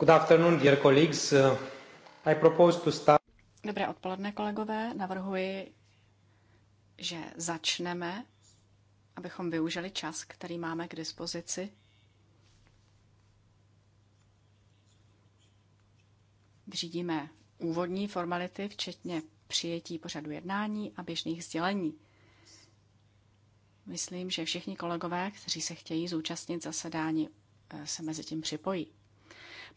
Good afternoon, dear colleagues. Uh, I propose to start... Dobré odpoledne, kolegové. Navrhuji, že začneme, abychom využili čas, který máme k dispozici. Vřídíme úvodní formality, včetně přijetí pořadu jednání a běžných sdělení. Myslím, že všichni kolegové, kteří se chtějí zúčastnit zasedání, eh, se mezi tím připojí.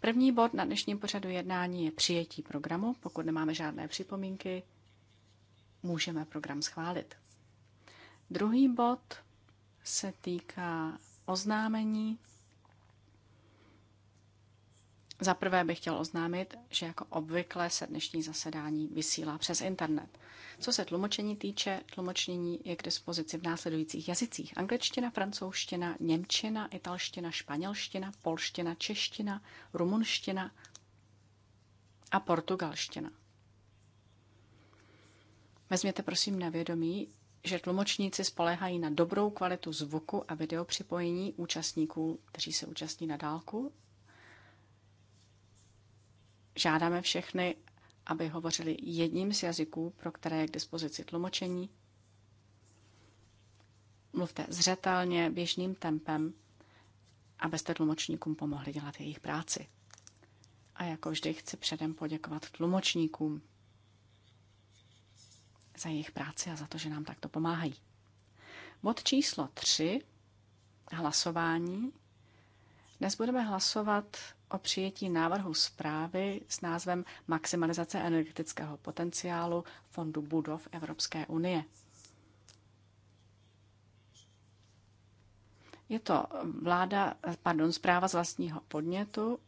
První bod na dnešním pořadu jednání je přijetí programu. Pokud nemáme žádné připomínky, můžeme program schválit. Druhý bod se týká oznámení za prvé bych chtěl oznámit, že jako obvykle se dnešní zasedání vysílá přes internet. Co se tlumočení týče, tlumočení je k dispozici v následujících jazycích. Angličtina, francouzština, němčina, italština, španělština, polština, čeština, rumunština a portugalština. Vezměte prosím na vědomí, že tlumočníci spolehají na dobrou kvalitu zvuku a videopřipojení účastníků, kteří se účastní na dálku Žádáme všechny, aby hovořili jedním z jazyků, pro které je k dispozici tlumočení. Mluvte zřetelně, běžným tempem, abyste tlumočníkům pomohli dělat jejich práci. A jako vždy chci předem poděkovat tlumočníkům za jejich práci a za to, že nám takto pomáhají. Bod číslo 3, hlasování. Dnes budeme hlasovat o přijetí návrhu zprávy s názvem Maximalizace energetického potenciálu Fondu budov Evropské unie. Je to vláda, pardon, zpráva z vlastního podnětu.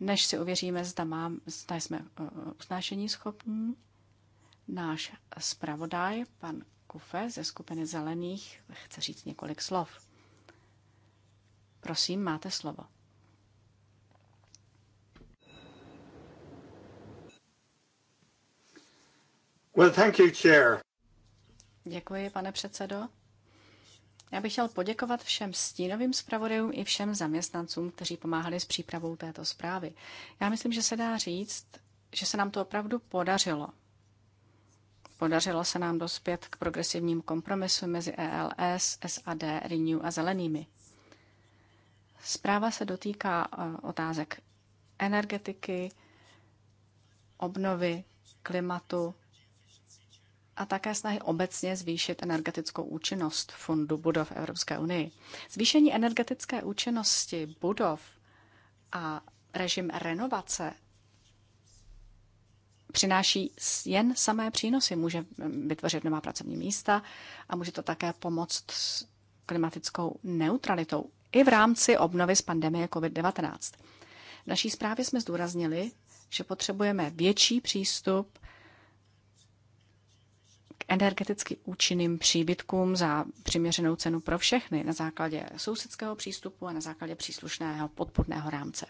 Než si ověříme, zda, mám, zda jsme eh, usnášení schopní, náš zpravodaj, pan Kufe ze skupiny Zelených, chce říct několik slov. Prosím, máte slovo. Well, thank you, chair. Děkuji, pane předsedo. Já bych chtěl poděkovat všem stínovým zpravodajům i všem zaměstnancům, kteří pomáhali s přípravou této zprávy. Já myslím, že se dá říct, že se nám to opravdu podařilo. Podařilo se nám dospět k progresivním kompromisu mezi ELS, SAD, Renew a Zelenými. Zpráva se dotýká eh, otázek energetiky, obnovy, klimatu, a také snahy obecně zvýšit energetickou účinnost fondu budov Evropské unii. Zvýšení energetické účinnosti budov a režim renovace přináší jen samé přínosy. Může vytvořit nová pracovní místa a může to také pomoct s klimatickou neutralitou i v rámci obnovy z pandemie COVID-19. V naší zprávě jsme zdůraznili, že potřebujeme větší přístup k energeticky účinným příbytkům za přiměřenou cenu pro všechny na základě sousedského přístupu a na základě příslušného podpůrného rámce.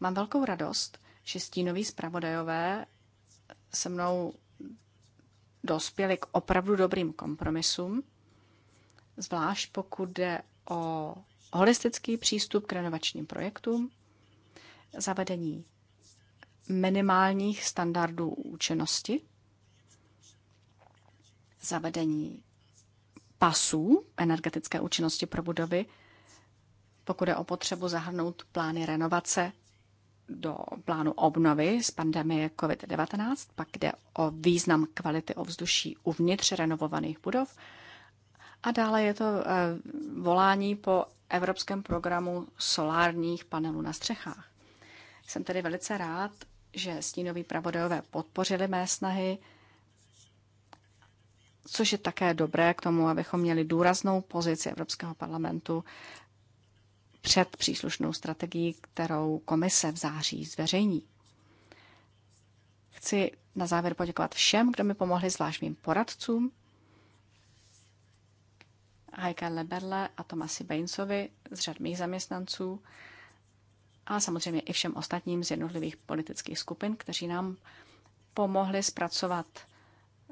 Mám velkou radost, že stínoví zpravodajové se mnou dospěli k opravdu dobrým kompromisům, zvlášť pokud jde o holistický přístup k renovačním projektům, zavedení minimálních standardů účinnosti zavedení pasů energetické účinnosti pro budovy, pokud je o potřebu zahrnout plány renovace do plánu obnovy z pandemie COVID-19, pak jde o význam kvality ovzduší uvnitř renovovaných budov a dále je to eh, volání po evropském programu solárních panelů na střechách. Jsem tedy velice rád, že stínoví pravodajové podpořili mé snahy což je také dobré k tomu, abychom měli důraznou pozici Evropského parlamentu před příslušnou strategií, kterou komise v září zveřejní. Chci na závěr poděkovat všem, kdo mi pomohli, zvlášť mým poradcům, Heike Leberle a Tomasi Bainsovi z řad mých zaměstnanců a samozřejmě i všem ostatním z jednotlivých politických skupin, kteří nám pomohli zpracovat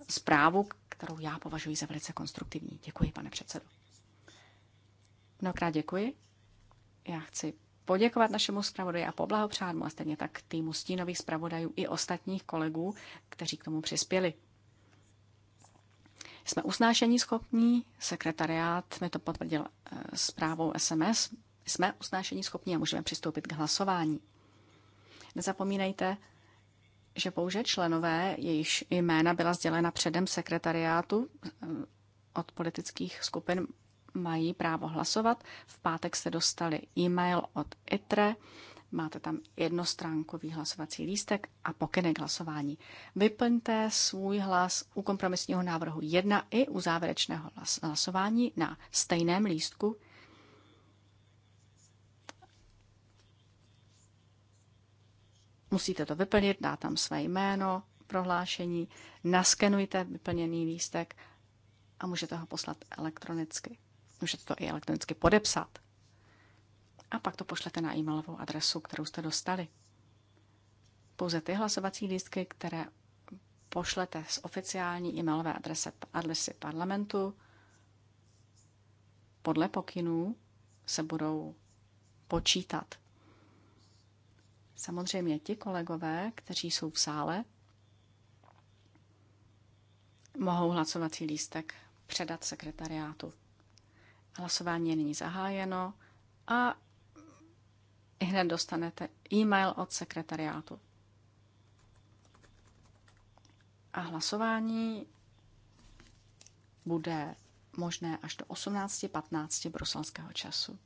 zprávu, kterou já považuji za velice konstruktivní. Děkuji, pane předsedo. Mnohokrát děkuji. Já chci poděkovat našemu zpravodaji a poblahopřát mu a stejně tak týmu stínových zpravodajů i ostatních kolegů, kteří k tomu přispěli. Jsme usnášení schopní, sekretariát mi to potvrdil eh, zprávou SMS. Jsme usnášení schopní a můžeme přistoupit k hlasování. Nezapomínejte, že pouze členové, jejichž jména byla sdělena předem sekretariátu eh, od politických skupin, mají právo hlasovat. V pátek se dostali e-mail od ITRE, máte tam jednostránkový hlasovací lístek a pokyny k hlasování. Vyplňte svůj hlas u kompromisního návrhu 1 i u závěrečného hlasování na stejném lístku, Musíte to vyplnit, dát tam své jméno, prohlášení, naskenujte vyplněný lístek a můžete ho poslat elektronicky. Můžete to i elektronicky podepsat. A pak to pošlete na e-mailovou adresu, kterou jste dostali. Pouze ty hlasovací lístky, které pošlete z oficiální e-mailové adrese, adresy parlamentu, podle pokynů se budou počítat. Samozřejmě ti kolegové, kteří jsou v sále, mohou hlasovací lístek předat sekretariátu. Hlasování je nyní zahájeno a i hned dostanete e-mail od sekretariátu. A hlasování bude možné až do 18.15 bruselského času.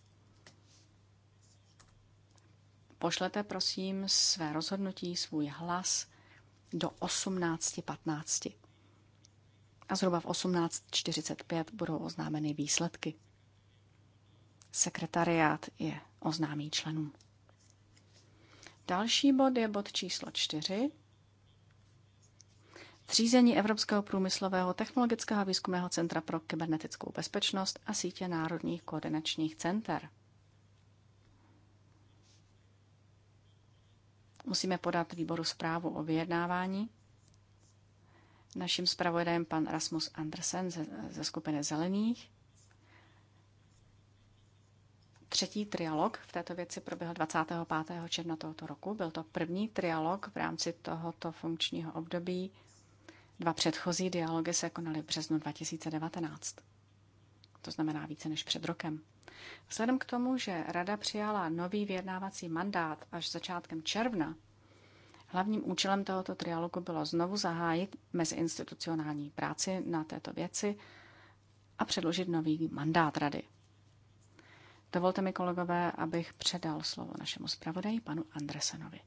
Pošlete prosím své rozhodnutí, svůj hlas do 18.15. A zhruba v 18.45 budou oznámeny výsledky. Sekretariát je oznámí členům. Další bod je bod číslo 4. Třízení Evropského průmyslového technologického výzkumného centra pro kybernetickou bezpečnost a sítě národních koordinačních center – Musíme podat výboru zprávu o vyjednávání. Naším zpravodajem pan Rasmus Andersen ze, ze skupiny Zelených. Třetí trialog v této věci proběhl 25. června tohoto roku. Byl to první trialog v rámci tohoto funkčního období. Dva předchozí dialogy se konaly v březnu 2019. To znamená více než před rokem. Vzhledem k tomu, že Rada přijala nový vyjednávací mandát až začátkem června, hlavním účelem tohoto trialogu bylo znovu zahájit meziinstitucionální práci na této věci a předložit nový mandát Rady. Dovolte mi, kolegové, abych předal slovo našemu zpravodaji, panu Andresenovi.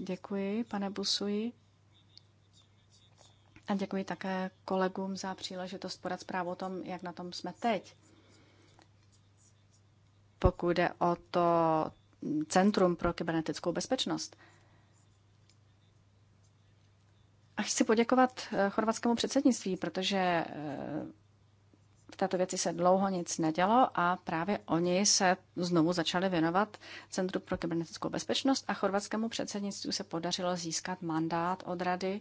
Děkuji, pane Busuji. A děkuji také kolegům za příležitost podat zprávu o tom, jak na tom jsme teď. Pokud jde o to Centrum pro kybernetickou bezpečnost. A chci poděkovat eh, chorvatskému předsednictví, protože eh, v této věci se dlouho nic nedělo a právě oni se znovu začali věnovat Centru pro kybernetickou bezpečnost a chorvatskému předsednictví se podařilo získat mandát od rady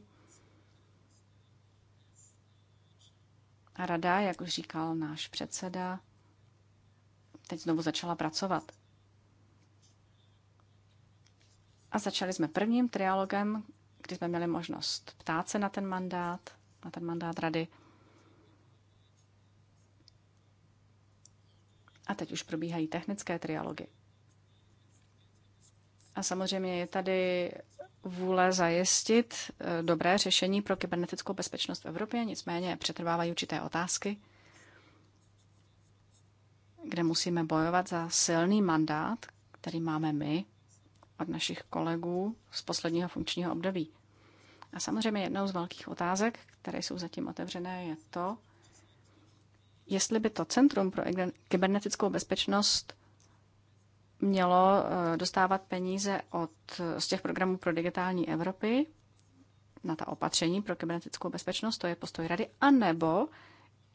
A rada, jak už říkal náš předseda, teď znovu začala pracovat. A začali jsme prvním trialogem, kdy jsme měli možnost ptát se na ten mandát, na ten mandát rady. A teď už probíhají technické trialogy. A samozřejmě je tady vůle zajistit eh, dobré řešení pro kybernetickou bezpečnost v Evropě, nicméně přetrvávají určité otázky, kde musíme bojovat za silný mandát, který máme my od našich kolegů z posledního funkčního období. A samozřejmě jednou z velkých otázek, které jsou zatím otevřené, je to, jestli by to Centrum pro kybernetickou bezpečnost mělo eh, dostávat peníze od, z těch programů pro digitální Evropy na ta opatření pro kybernetickou bezpečnost, to je postoj rady, anebo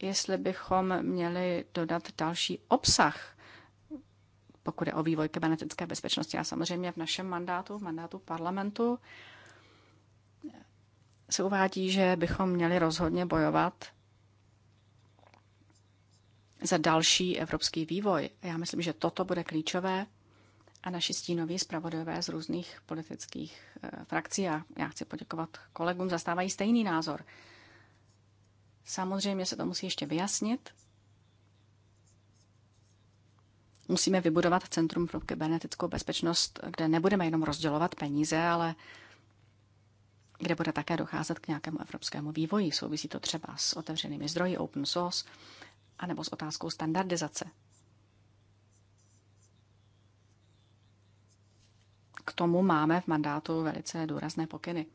jestli bychom měli dodat další obsah, pokud je o vývoj kybernetické bezpečnosti. A samozřejmě v našem mandátu, v mandátu parlamentu, eh, se uvádí, že bychom měli rozhodně bojovat za další evropský vývoj. Já myslím, že toto bude klíčové a naši stínoví zpravodajové z různých politických eh, frakcí. A já chci poděkovat kolegům, zastávají stejný názor. Samozřejmě se to musí ještě vyjasnit. Musíme vybudovat Centrum pro kybernetickou bezpečnost, kde nebudeme jenom rozdělovat peníze, ale kde bude také docházet k nějakému evropskému vývoji. Souvisí to třeba s otevřenými zdroji open source anebo s otázkou standardizace. k tomu máme v mandátu velice důrazné pokyny.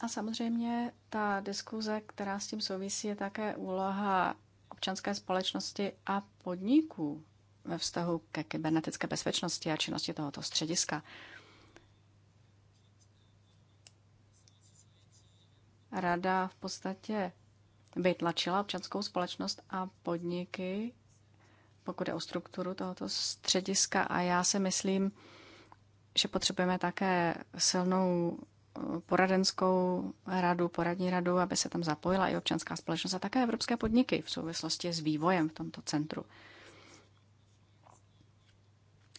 A samozřejmě ta diskuze, která s tím souvisí, je také úloha občanské společnosti a podniků ve vztahu ke kybernetické bezpečnosti a činnosti tohoto střediska. Rada v podstatě tlačila občanskou společnost a podniky pokud je o strukturu tohoto střediska. A já si myslím, že potřebujeme také silnou eh, poradenskou radu, poradní radu, aby se tam zapojila i občanská společnost a také evropské podniky v souvislosti s vývojem v tomto centru.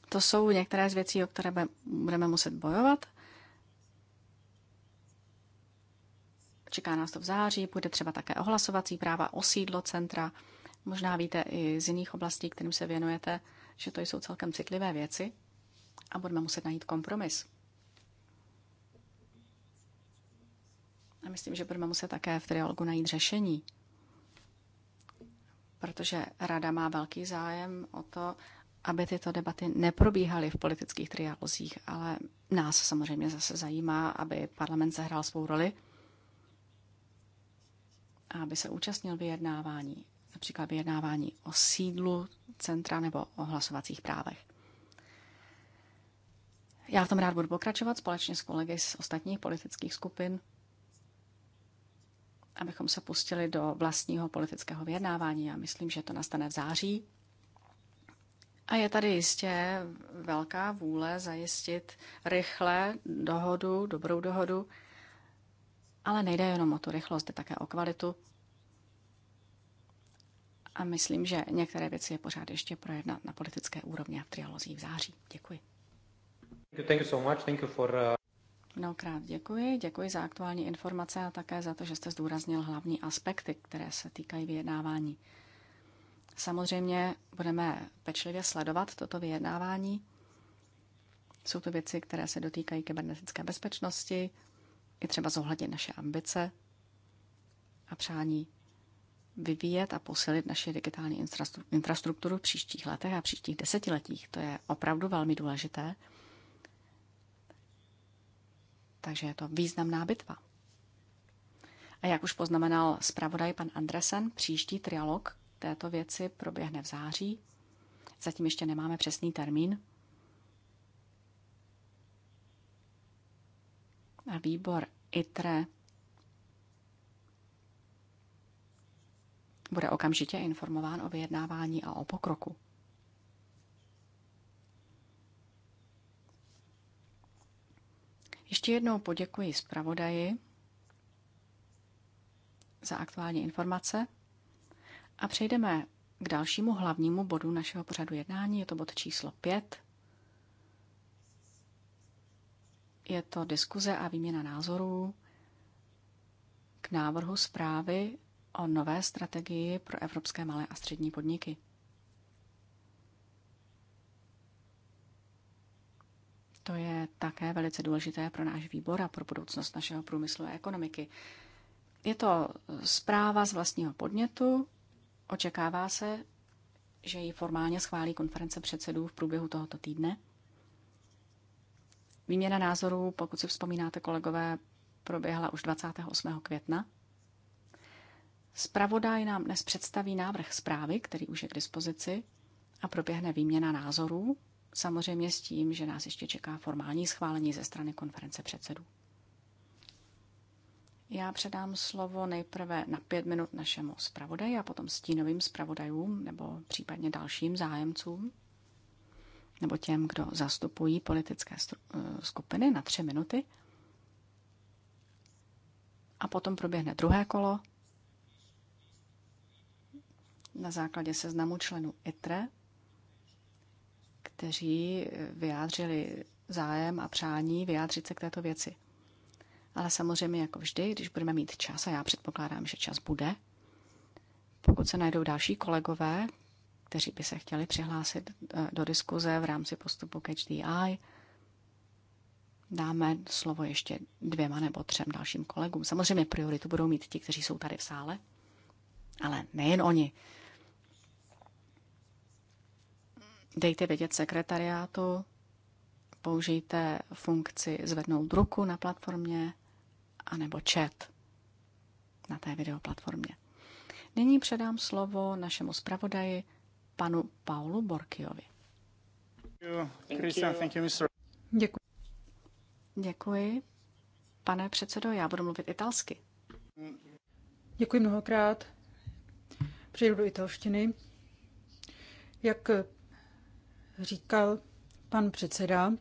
To jsou některé z věcí, o které budeme muset bojovat. Čeká nás to v září, bude třeba také ohlasovací práva, osídlo centra – Možná víte i z jiných oblastí, kterým se věnujete, že to jsou celkem citlivé věci a budeme muset najít kompromis. A myslím, že budeme muset také v trialogu najít řešení, protože Rada má velký zájem o to, aby tyto debaty neprobíhaly v politických trialozích, ale nás samozřejmě zase zajímá, aby parlament zahrál svou roli a aby se účastnil vyjednávání například vyjednávání o sídlu centra nebo o hlasovacích právech. Já v tom rád budu pokračovat společně s kolegy z ostatních politických skupin, abychom se pustili do vlastního politického vyjednávání. Já myslím, že to nastane v září. A je tady jistě velká vůle zajistit rychle dohodu, dobrou dohodu, ale nejde jenom o tu rychlost, jde také o kvalitu a myslím, že některé věci je pořád ještě projednat na politické úrovni a v trialozích v září. Děkuji. Thank you so much. Thank you for, uh... Mnohokrát děkuji. Děkuji za aktuální informace a také za to, že jste zdůraznil hlavní aspekty, které se týkají vyjednávání. Samozřejmě budeme pečlivě sledovat toto vyjednávání. Jsou to věci, které se dotýkají kybernetické bezpečnosti, i třeba zohlednit naše ambice a přání vyvíjet a posilit naši digitální infrastrukturu v příštích letech a příštích desetiletích. To je opravdu velmi důležité. Takže je to významná bitva. A jak už poznamenal zpravodaj pan Andresen, příští trialog této věci proběhne v září. Zatím ještě nemáme přesný termín. A výbor ITRE bude okamžitě informován o vyjednávání a o pokroku. Ještě jednou poděkuji zpravodaji za aktuální informace a přejdeme k dalšímu hlavnímu bodu našeho pořadu jednání. Je to bod číslo 5. Je to diskuze a výměna názorů k návrhu zprávy o nové strategii pro evropské malé a střední podniky. To je také velice důležité pro náš výbor a pro budoucnost našeho průmyslu a ekonomiky. Je to zpráva z vlastního podnětu. Očekává se, že ji formálně schválí konference předsedů v průběhu tohoto týdne. Výměna názorů, pokud si vzpomínáte, kolegové, proběhla už 28. května. Spravodaj nám dnes představí návrh zprávy, který už je k dispozici, a proběhne výměna názorů, samozřejmě s tím, že nás ještě čeká formální schválení ze strany konference předsedů. Já předám slovo nejprve na pět minut našemu zpravodaji a potom stínovým zpravodajům nebo případně dalším zájemcům nebo těm, kdo zastupují politické eh, skupiny na tři minuty. A potom proběhne druhé kolo na základě seznamu členů ITRE, kteří vyjádřili zájem a přání vyjádřit se k této věci. Ale samozřejmě, jako vždy, když budeme mít čas, a já předpokládám, že čas bude, pokud se najdou další kolegové, kteří by se chtěli přihlásit eh, do diskuze v rámci postupu k HDI, dáme slovo ještě dvěma nebo třem dalším kolegům. Samozřejmě prioritu budou mít ti, kteří jsou tady v sále, ale nejen oni. Dejte vědět sekretariátu, použijte funkci zvednout ruku na platformě anebo chat na té videoplatformě. Nyní předám slovo našemu zpravodaji, panu Paulu Borkiovi. Děkuji. Děkuji. Pane předsedo, já budu mluvit italsky. Děkuji mnohokrát. Přijdu do italštiny. Jak říkal pan předseda,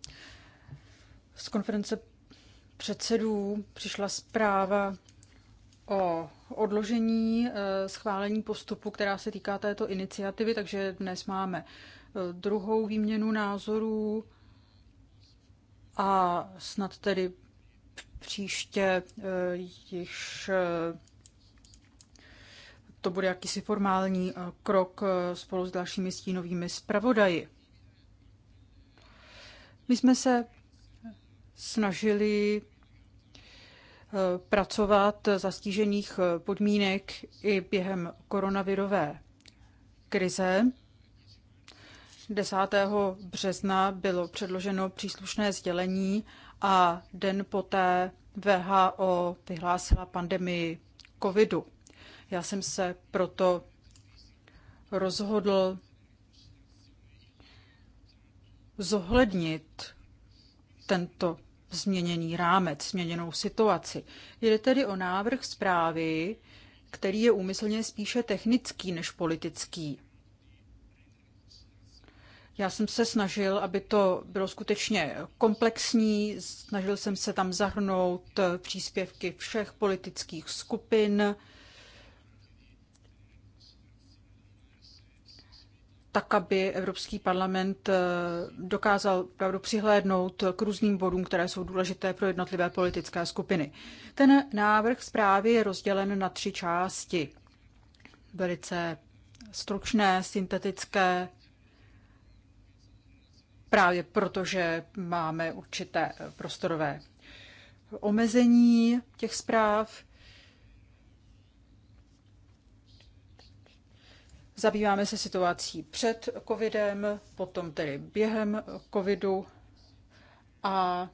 z konference předsedů přišla zpráva o odložení eh, schválení postupu, která se týká této iniciativy, takže dnes máme eh, druhou výměnu názorů a snad tedy příště eh, již to bude jakýsi formální krok spolu s dalšími stínovými zpravodaji. My jsme se snažili eh, pracovat za stížených eh, podmínek i během koronavirové krize. 10. března bylo předloženo příslušné sdělení a den poté VHO vyhlásila pandemii covidu. Já jsem se proto rozhodl zohlednit tento změněný rámec, změněnou situaci. Jde tedy o návrh zprávy, který je úmyslně spíše technický než politický. Já jsem se snažil, aby to bylo skutečně komplexní, snažil jsem se tam zahrnout příspěvky všech politických skupin, tak, aby Evropský parlament eh, dokázal opravdu přihlédnout k různým bodům, které jsou důležité pro jednotlivé politické skupiny. Ten návrh zprávy je rozdělen na tři části. Velice stručné, syntetické, právě protože máme určité prostorové omezení těch zpráv. Zabýváme se situací před covidem, potom tedy během covidu a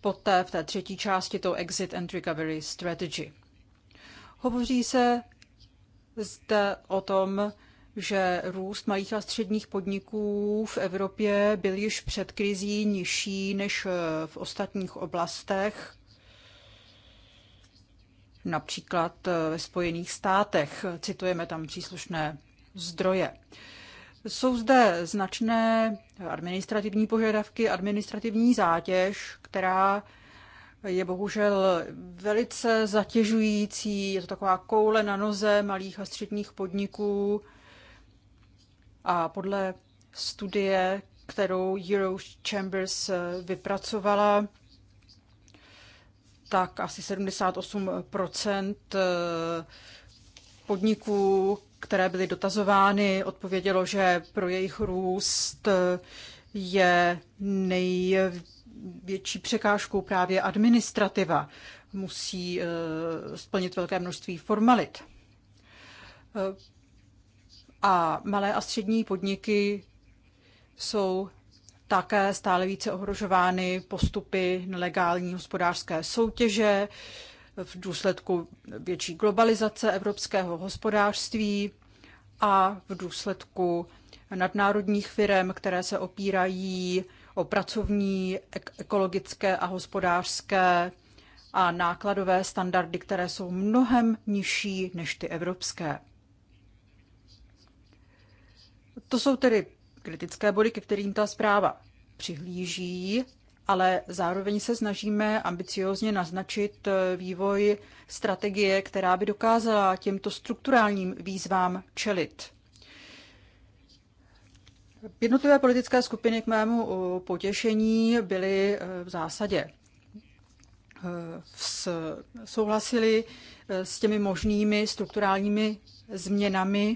poté v té třetí části to Exit and Recovery Strategy. Hovoří se zde o tom, že růst malých a středních podniků v Evropě byl již před krizí nižší než v ostatních oblastech například eh, ve Spojených státech. Citujeme tam příslušné zdroje. Jsou zde značné administrativní požadavky, administrativní zátěž, která je bohužel velice zatěžující. Je to taková koule na noze malých a středních podniků. A podle studie, kterou Euro Chambers eh, vypracovala, tak asi 78 eh, podniků, které byly dotazovány, odpovědělo, že pro jejich růst eh, je největší překážkou právě administrativa. Musí eh, splnit velké množství formalit. A malé a střední podniky jsou také stále více ohrožovány postupy nelegální hospodářské soutěže v důsledku větší globalizace evropského hospodářství a v důsledku nadnárodních firm, které se opírají o pracovní, ekologické a hospodářské a nákladové standardy, které jsou mnohem nižší než ty evropské. To jsou tedy kritické body, ke kterým ta zpráva přihlíží, ale zároveň se snažíme ambiciozně naznačit eh, vývoj strategie, která by dokázala těmto strukturálním výzvám čelit. Jednotlivé politické skupiny k mému eh, potěšení byly eh, v zásadě souhlasili s těmi možnými strukturálními změnami,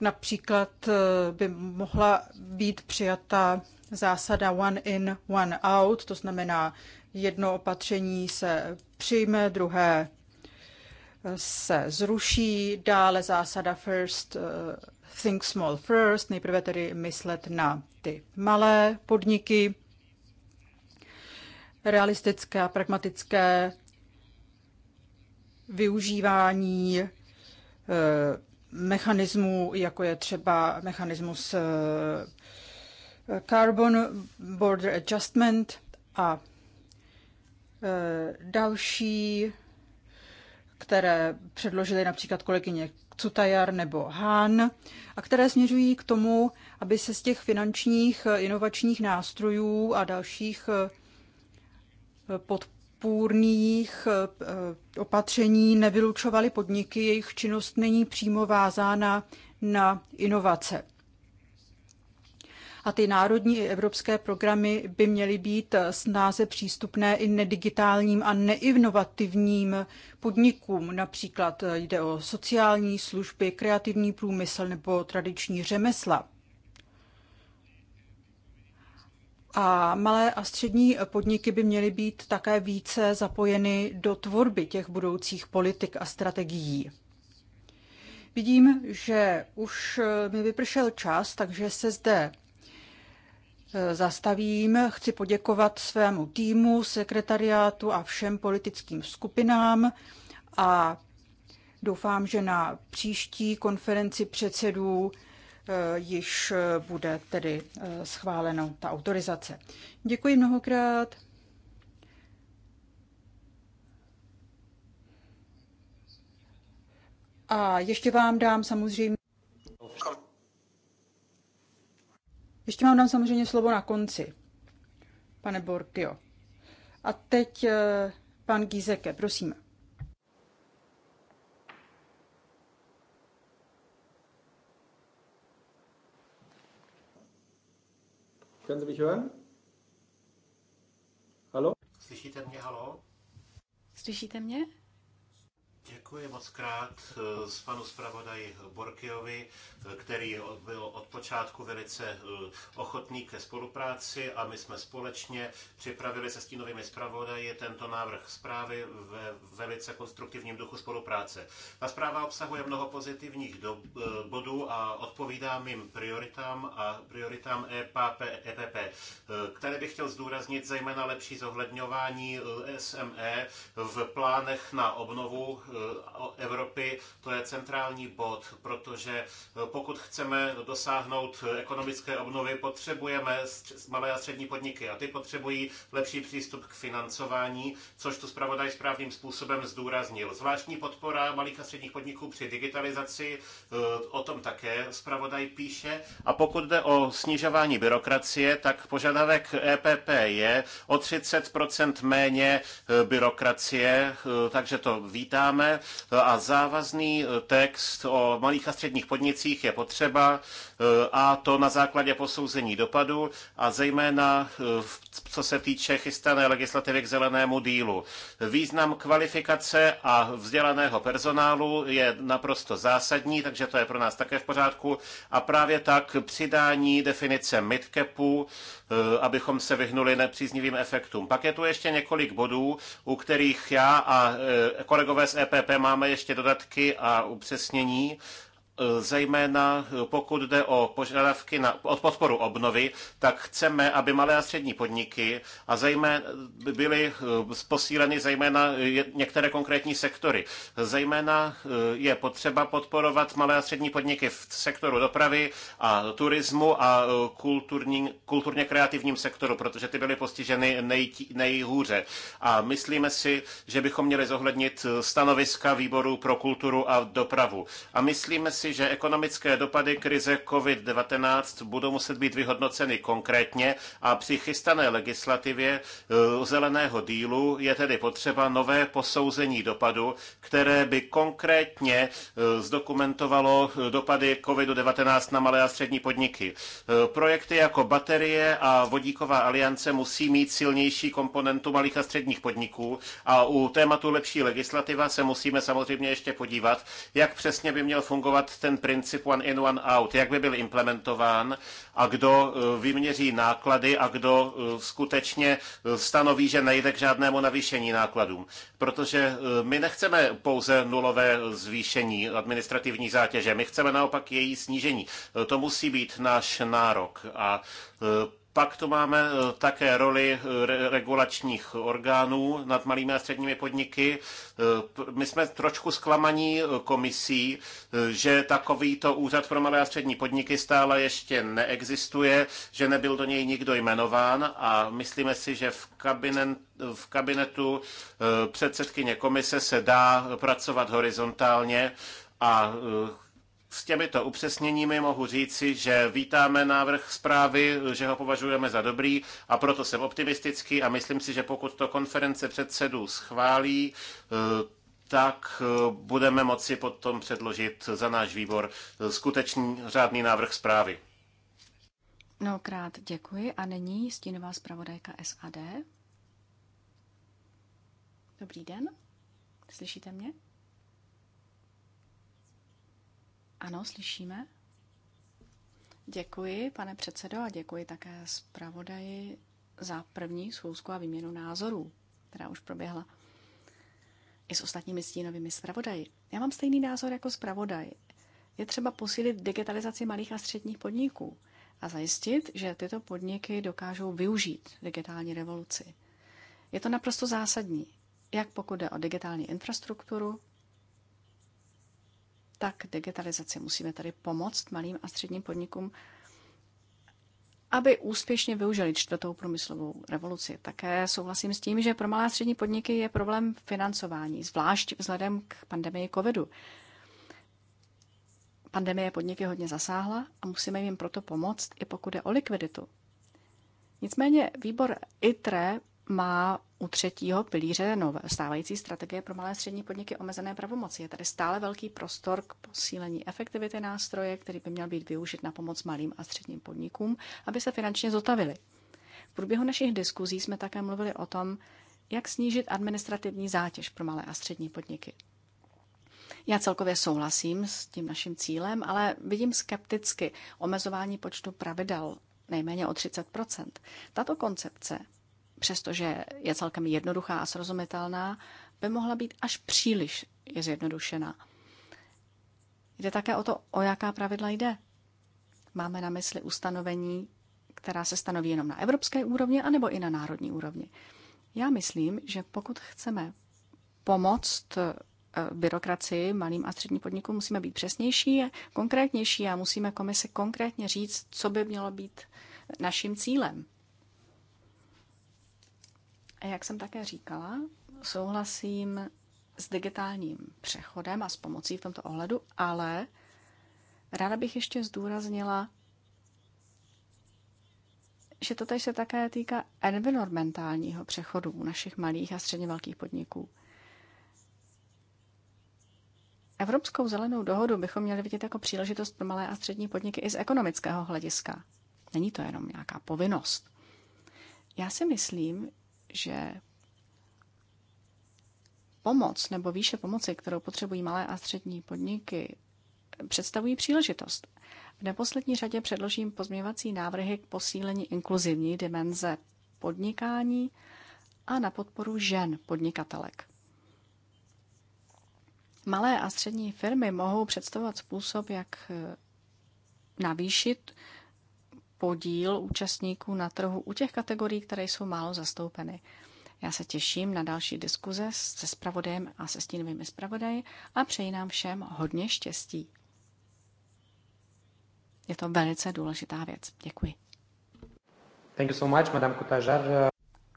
Například eh, by mohla být přijata zásada one in, one out, to znamená, jedno opatření se přijme, druhé eh, se zruší, dále zásada first, eh, think small first, nejprve tedy myslet na ty malé podniky, realistické a pragmatické využívání mechanismů, jako je třeba mechanismus eh, Carbon Border Adjustment a eh, další, které předložili například kolegyně Cutajar nebo Hán, a které směřují k tomu, aby se z těch finančních eh, inovačních nástrojů a dalších pod podpůrných eh, opatření nevylučovaly podniky, jejich činnost není přímo vázána na inovace. A ty národní i evropské programy by měly být snáze přístupné i nedigitálním a neinovativním podnikům. Například jde o sociální služby, kreativní průmysl nebo tradiční řemesla. A malé a střední podniky by měly být také více zapojeny do tvorby těch budoucích politik a strategií. Vidím, že už mi vypršel čas, takže se zde eh, zastavím. Chci poděkovat svému týmu, sekretariátu a všem politickým skupinám a doufám, že na příští konferenci předsedů Eh, již eh, bude tedy eh, schválena ta autorizace. Děkuji mnohokrát. A ještě vám dám samozřejmě Ještě vám dám samozřejmě slovo na konci, pane Borkio. A teď pan Gizeke, prosím. Können Sie mich hören? Hallo? Slyšíte mě, halo? Slyšíte mě? Děkuji moc krát eh, s panu zpravodaji Borkiovi, eh, který byl od počátku velice eh, ochotný ke spolupráci a my jsme společně připravili se stínovými zpravodaji tento návrh zprávy ve velice konstruktivním duchu spolupráce. Ta zpráva obsahuje mnoho pozitivních do, bodů a odpovídá mým prioritám a prioritám EPP, EPP, které bych chtěl zdůraznit zejména lepší zohledňování SME v plánech na obnovu Evropy, to je centrální bod, protože eh, pokud chceme dosáhnout ekonomické obnovy, potřebujeme malé a střední podniky a ty potřebují lepší přístup k financování, což tu zpravodaj správným způsobem zdůraznil. Zvláštní podpora malých a středních podniků při digitalizaci, eh, o tom také zpravodaj píše. A pokud jde o snižování byrokracie, tak požadavek EPP je o 30 méně eh, byrokracie, takže to vítáme a závazný text o malých a středních podnicích je potřeba e, a to na základě posouzení dopadu a zejména e, co se týče chystané legislativy k zelenému dílu. Význam kvalifikace a vzdělaného personálu je naprosto zásadní, takže to je pro nás také v pořádku a právě tak přidání definice midcapu, e, abychom se vyhnuli nepříznivým efektům. Pak je tu ještě několik bodů, u kterých já a kolegové z EPP které máme ještě dodatky a upřesnění Eh, zejména eh, pokud jde o požadavky na od podporu obnovy, tak chceme, aby malé a střední podniky a zejména byly eh, posíleny zejména některé konkrétní sektory. Zejména je potřeba podporovat malé a střední podniky v sektoru dopravy a turismu a kulturní, kulturně kreativním sektoru, protože ty byly postiženy nej, nejhůře. A myslíme si, že bychom měli zohlednit stanoviska výboru pro kulturu a dopravu. A myslíme si, si, že ekonomické dopady krize COVID-19 budou muset být vyhodnoceny konkrétně a při chystané legislativě eh, zeleného dílu je tedy potřeba nové posouzení dopadu, které by konkrétně eh, zdokumentovalo eh, dopady COVID-19 na malé a střední podniky. Projekty jako baterie a vodíková aliance musí mít silnější komponentu malých a středních podniků a u tématu lepší legislativa se musíme samozřejmě ještě podívat, jak přesně by měl fungovat ten princip one in, one out, jak by byl implementován a kdo eh, vyměří náklady a kdo eh, skutečně eh, stanoví, že nejde k žádnému navýšení nákladům. Protože my nechceme pouze nulové zvýšení administrativní zátěže, my chceme naopak její snížení. To musí být náš nárok a pak tu máme e, také roli e, regulačních orgánů nad malými a středními podniky. E, my jsme trošku zklamaní komisí, že takovýto úřad pro malé a střední podniky stále ještě neexistuje, že nebyl do něj nikdo jmenován a myslíme si, že v, kabinet, v kabinetu předsedkyně komise se dá pracovat horizontálně a s těmito upřesněními mohu říci, že vítáme návrh zprávy, že ho považujeme za dobrý a proto jsem optimistický a myslím si, že pokud to konference předsedů schválí, eh, tak eh, budeme moci potom předložit za náš výbor eh, skutečný řádný návrh zprávy. Mnohokrát děkuji a nyní stínová zpravodajka SAD. Dobrý den, slyšíte mě? Ano, slyšíme. Děkuji, pane předsedo, a děkuji také zpravodaji za první schůzku a výměnu názorů, která už proběhla i s ostatními stínovými zpravodaji. Já mám stejný názor jako zpravodaj. Je třeba posílit digitalizaci malých a středních podniků a zajistit, že tyto podniky dokážou využít digitální revoluci. Je to naprosto zásadní, jak pokud jde o digitální infrastrukturu, tak digitalizaci. Musíme tady pomoct malým a středním podnikům, aby úspěšně využili čtvrtou průmyslovou revoluci. Také souhlasím s tím, že pro malé a střední podniky je problém financování, zvlášť vzhledem k pandemii covidu. Pandemie podniky hodně zasáhla a musíme jim proto pomoct, i pokud je o likviditu. Nicméně výbor ITRE má u třetího pilíře nové, stávající strategie pro malé a střední podniky omezené pravomoci. Je tady stále velký prostor k posílení efektivity nástroje, který by měl být využit na pomoc malým a středním podnikům, aby se finančně zotavili. V průběhu našich diskuzí jsme také mluvili o tom, jak snížit administrativní zátěž pro malé a střední podniky. Já celkově souhlasím s tím naším cílem, ale vidím skepticky omezování počtu pravidel nejméně o 30 Tato koncepce přestože je celkem jednoduchá a srozumitelná, by mohla být až příliš je zjednodušená. Jde také o to, o jaká pravidla jde. Máme na mysli ustanovení, která se stanoví jenom na evropské úrovni, anebo i na národní úrovni. Já myslím, že pokud chceme pomoct eh, byrokracii malým a středním podnikům, musíme být přesnější, konkrétnější a musíme komise konkrétně říct, co by mělo být naším cílem. A jak jsem také říkala, souhlasím s digitálním přechodem a s pomocí v tomto ohledu, ale ráda bych ještě zdůraznila, že to se také týká environmentálního přechodu u našich malých a středně velkých podniků. Evropskou zelenou dohodu bychom měli vidět jako příležitost pro malé a střední podniky i z ekonomického hlediska. Není to jenom nějaká povinnost. Já si myslím, že pomoc nebo výše pomoci, kterou potřebují malé a střední podniky, představují příležitost. V neposlední řadě předložím pozměňovací návrhy k posílení inkluzivní dimenze podnikání a na podporu žen podnikatelek. Malé a střední firmy mohou představovat způsob, jak navýšit podíl účastníků na trhu u těch kategorií, které jsou málo zastoupeny. Já se těším na další diskuze se spravodajem a se stínovými spravodaji a přeji nám všem hodně štěstí. Je to velice důležitá věc. Děkuji. Thank you so much, Madame Kutažar.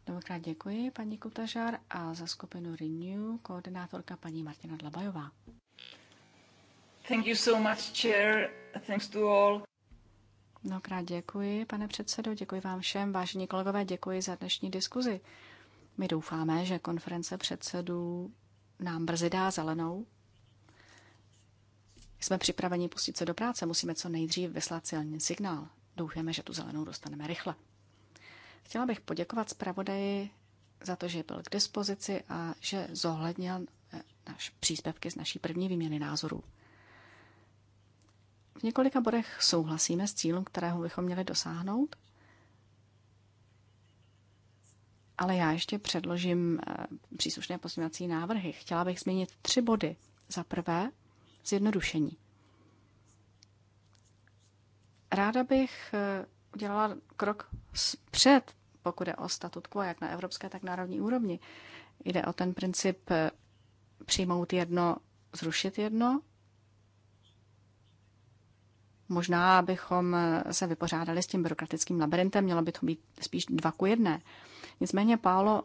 Mnohokrát děkuji, paní Kutažar, a za skupinu Renew koordinátorka paní Martina Dlabajová. Thank you so much, Chair. Thanks to all. Mnohokrát děkuji, pane předsedo, děkuji vám všem, vážení kolegové, děkuji za dnešní diskuzi. My doufáme, že konference předsedů nám brzy dá zelenou. Jsme připraveni pustit se do práce, musíme co nejdřív vyslat silný signál. Doufáme, že tu zelenou dostaneme rychle. Chtěla bych poděkovat zpravodaji za to, že byl k dispozici a že zohlednil eh, náš příspěvky z naší první výměny názorů. V několika bodech souhlasíme s cílem, kterého bychom měli dosáhnout, ale já ještě předložím eh, příslušné pozměňovací návrhy. Chtěla bych změnit tři body. Za prvé, zjednodušení. Ráda bych eh, udělala krok před, pokud je o statut quo, jak na evropské, tak na národní úrovni. Jde o ten princip eh, přijmout jedno, zrušit jedno, Možná bychom eh, se vypořádali s tím byrokratickým labirintem, mělo by to být spíš dva ku jedné. Nicméně, Pálo,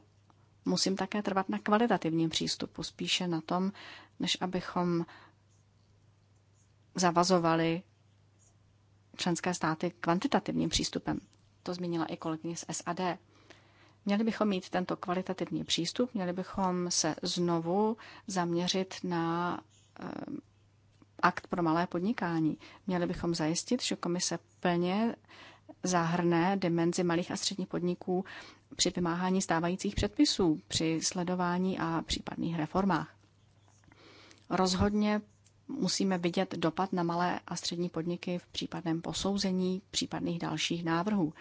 musím také trvat na kvalitativním přístupu, spíše na tom, než abychom zavazovali členské státy kvantitativním přístupem. To zmínila i kolegyně z SAD. Měli bychom mít tento kvalitativní přístup, měli bychom se znovu zaměřit na eh, akt pro malé podnikání. Měli bychom zajistit, že komise plně zahrne dimenzi malých a středních podniků při vymáhání stávajících předpisů, při sledování a případných reformách. Rozhodně musíme vidět dopad na malé a střední podniky v případném posouzení případných dalších návrhů.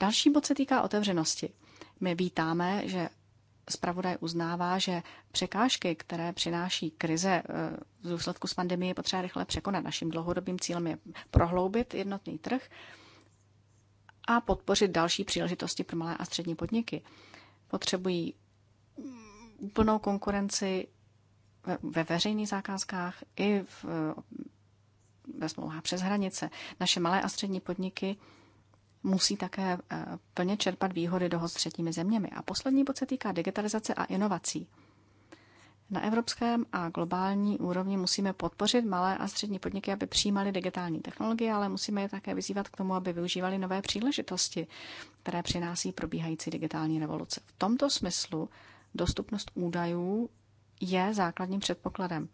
Další bod se týká otevřenosti. My vítáme, že Spravodaj uznává, že překážky, které přináší krize eh, v důsledku s pandemii, je potřeba rychle překonat. Naším dlouhodobým cílem je prohloubit jednotný trh a podpořit další příležitosti pro malé a střední podniky. Potřebují úplnou konkurenci ve veřejných zakázkách i v, eh, ve smlouvách přes hranice. Naše malé a střední podniky musí také eh, plně čerpat výhody doho s třetími zeměmi. A poslední bod se týká digitalizace a inovací. Na evropském a globální úrovni musíme podpořit malé a střední podniky, aby přijímali digitální technologie, ale musíme je také vyzývat k tomu, aby využívali nové příležitosti, které přináší probíhající digitální revoluce. V tomto smyslu dostupnost údajů je základním předpokladem.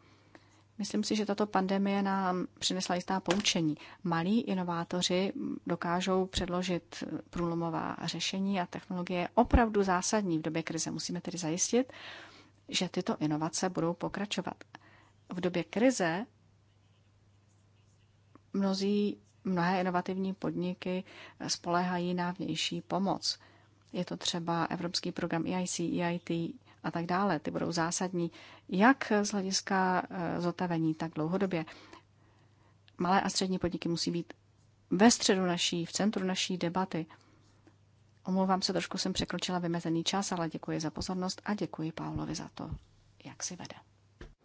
Myslím si, že tato pandemie nám přinesla jistá poučení. Malí inovátoři dokážou předložit průlomová řešení a technologie je opravdu zásadní v době krize. Musíme tedy zajistit, že tyto inovace budou pokračovat. V době krize mnozí, mnohé inovativní podniky spolehají na vnější pomoc. Je to třeba Evropský program EIC, EIT, a tak dále, ty budou zásadní, jak z hlediska eh, zotavení, tak dlouhodobě. Malé a střední podniky musí být ve středu naší, v centru naší debaty. Omlouvám se, trošku jsem překročila vymezený čas, ale děkuji za pozornost a děkuji Pavlovi za to, jak si vede.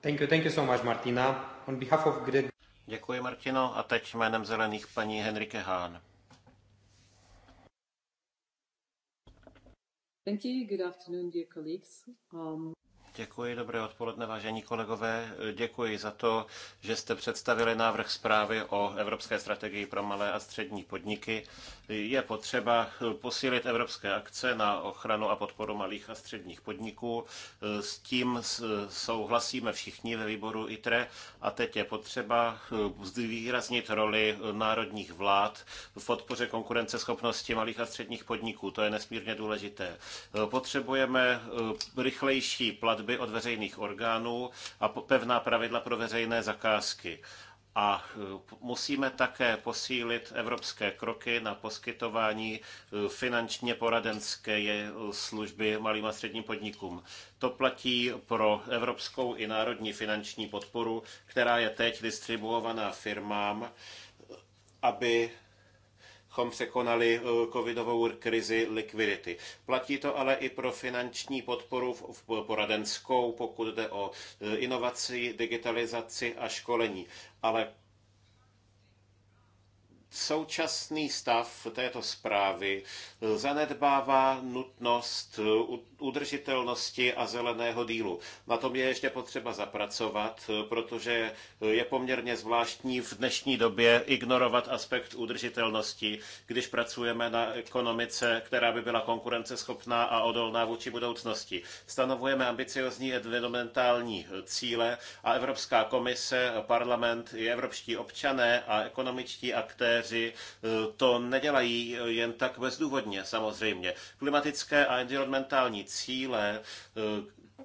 Thank you, thank you so much, Martina. On behalf of Greg... Děkuji, Martino. A teď jménem Zelených paní Henrike Hahn. Thank you. Good afternoon, dear colleagues. Um... Děkuji, dobré odpoledne, vážení kolegové. Děkuji za to, že jste představili návrh zprávy o evropské strategii pro malé a střední podniky. Je potřeba posílit evropské akce na ochranu a podporu malých a středních podniků. S tím souhlasíme všichni ve výboru ITRE a teď je potřeba výraznit roli národních vlád v podpoře konkurenceschopnosti malých a středních podniků. To je nesmírně důležité. Potřebujeme rychlejší platby platby od veřejných orgánů a pevná pravidla pro veřejné zakázky. A e, musíme také posílit evropské kroky na poskytování e, finančně poradenské e, služby malým a středním podnikům. To platí pro evropskou i národní finanční podporu, která je teď distribuovaná firmám, aby abychom překonali eh, covidovou krizi likvidity. Platí to ale i pro finanční podporu v poradenskou, pokud jde o eh, inovaci, digitalizaci a školení. Ale Současný stav této zprávy zanedbává nutnost udržitelnosti a zeleného dílu. Na tom je ještě potřeba zapracovat, protože je poměrně zvláštní v dnešní době ignorovat aspekt udržitelnosti, když pracujeme na ekonomice, která by byla konkurenceschopná a odolná vůči budoucnosti. Stanovujeme ambiciozní environmentální cíle a Evropská komise, parlament i evropští občané a ekonomičtí aktéři aktéři eh, to nedělají eh, jen tak bezdůvodně, samozřejmě. Klimatické a environmentální cíle, eh,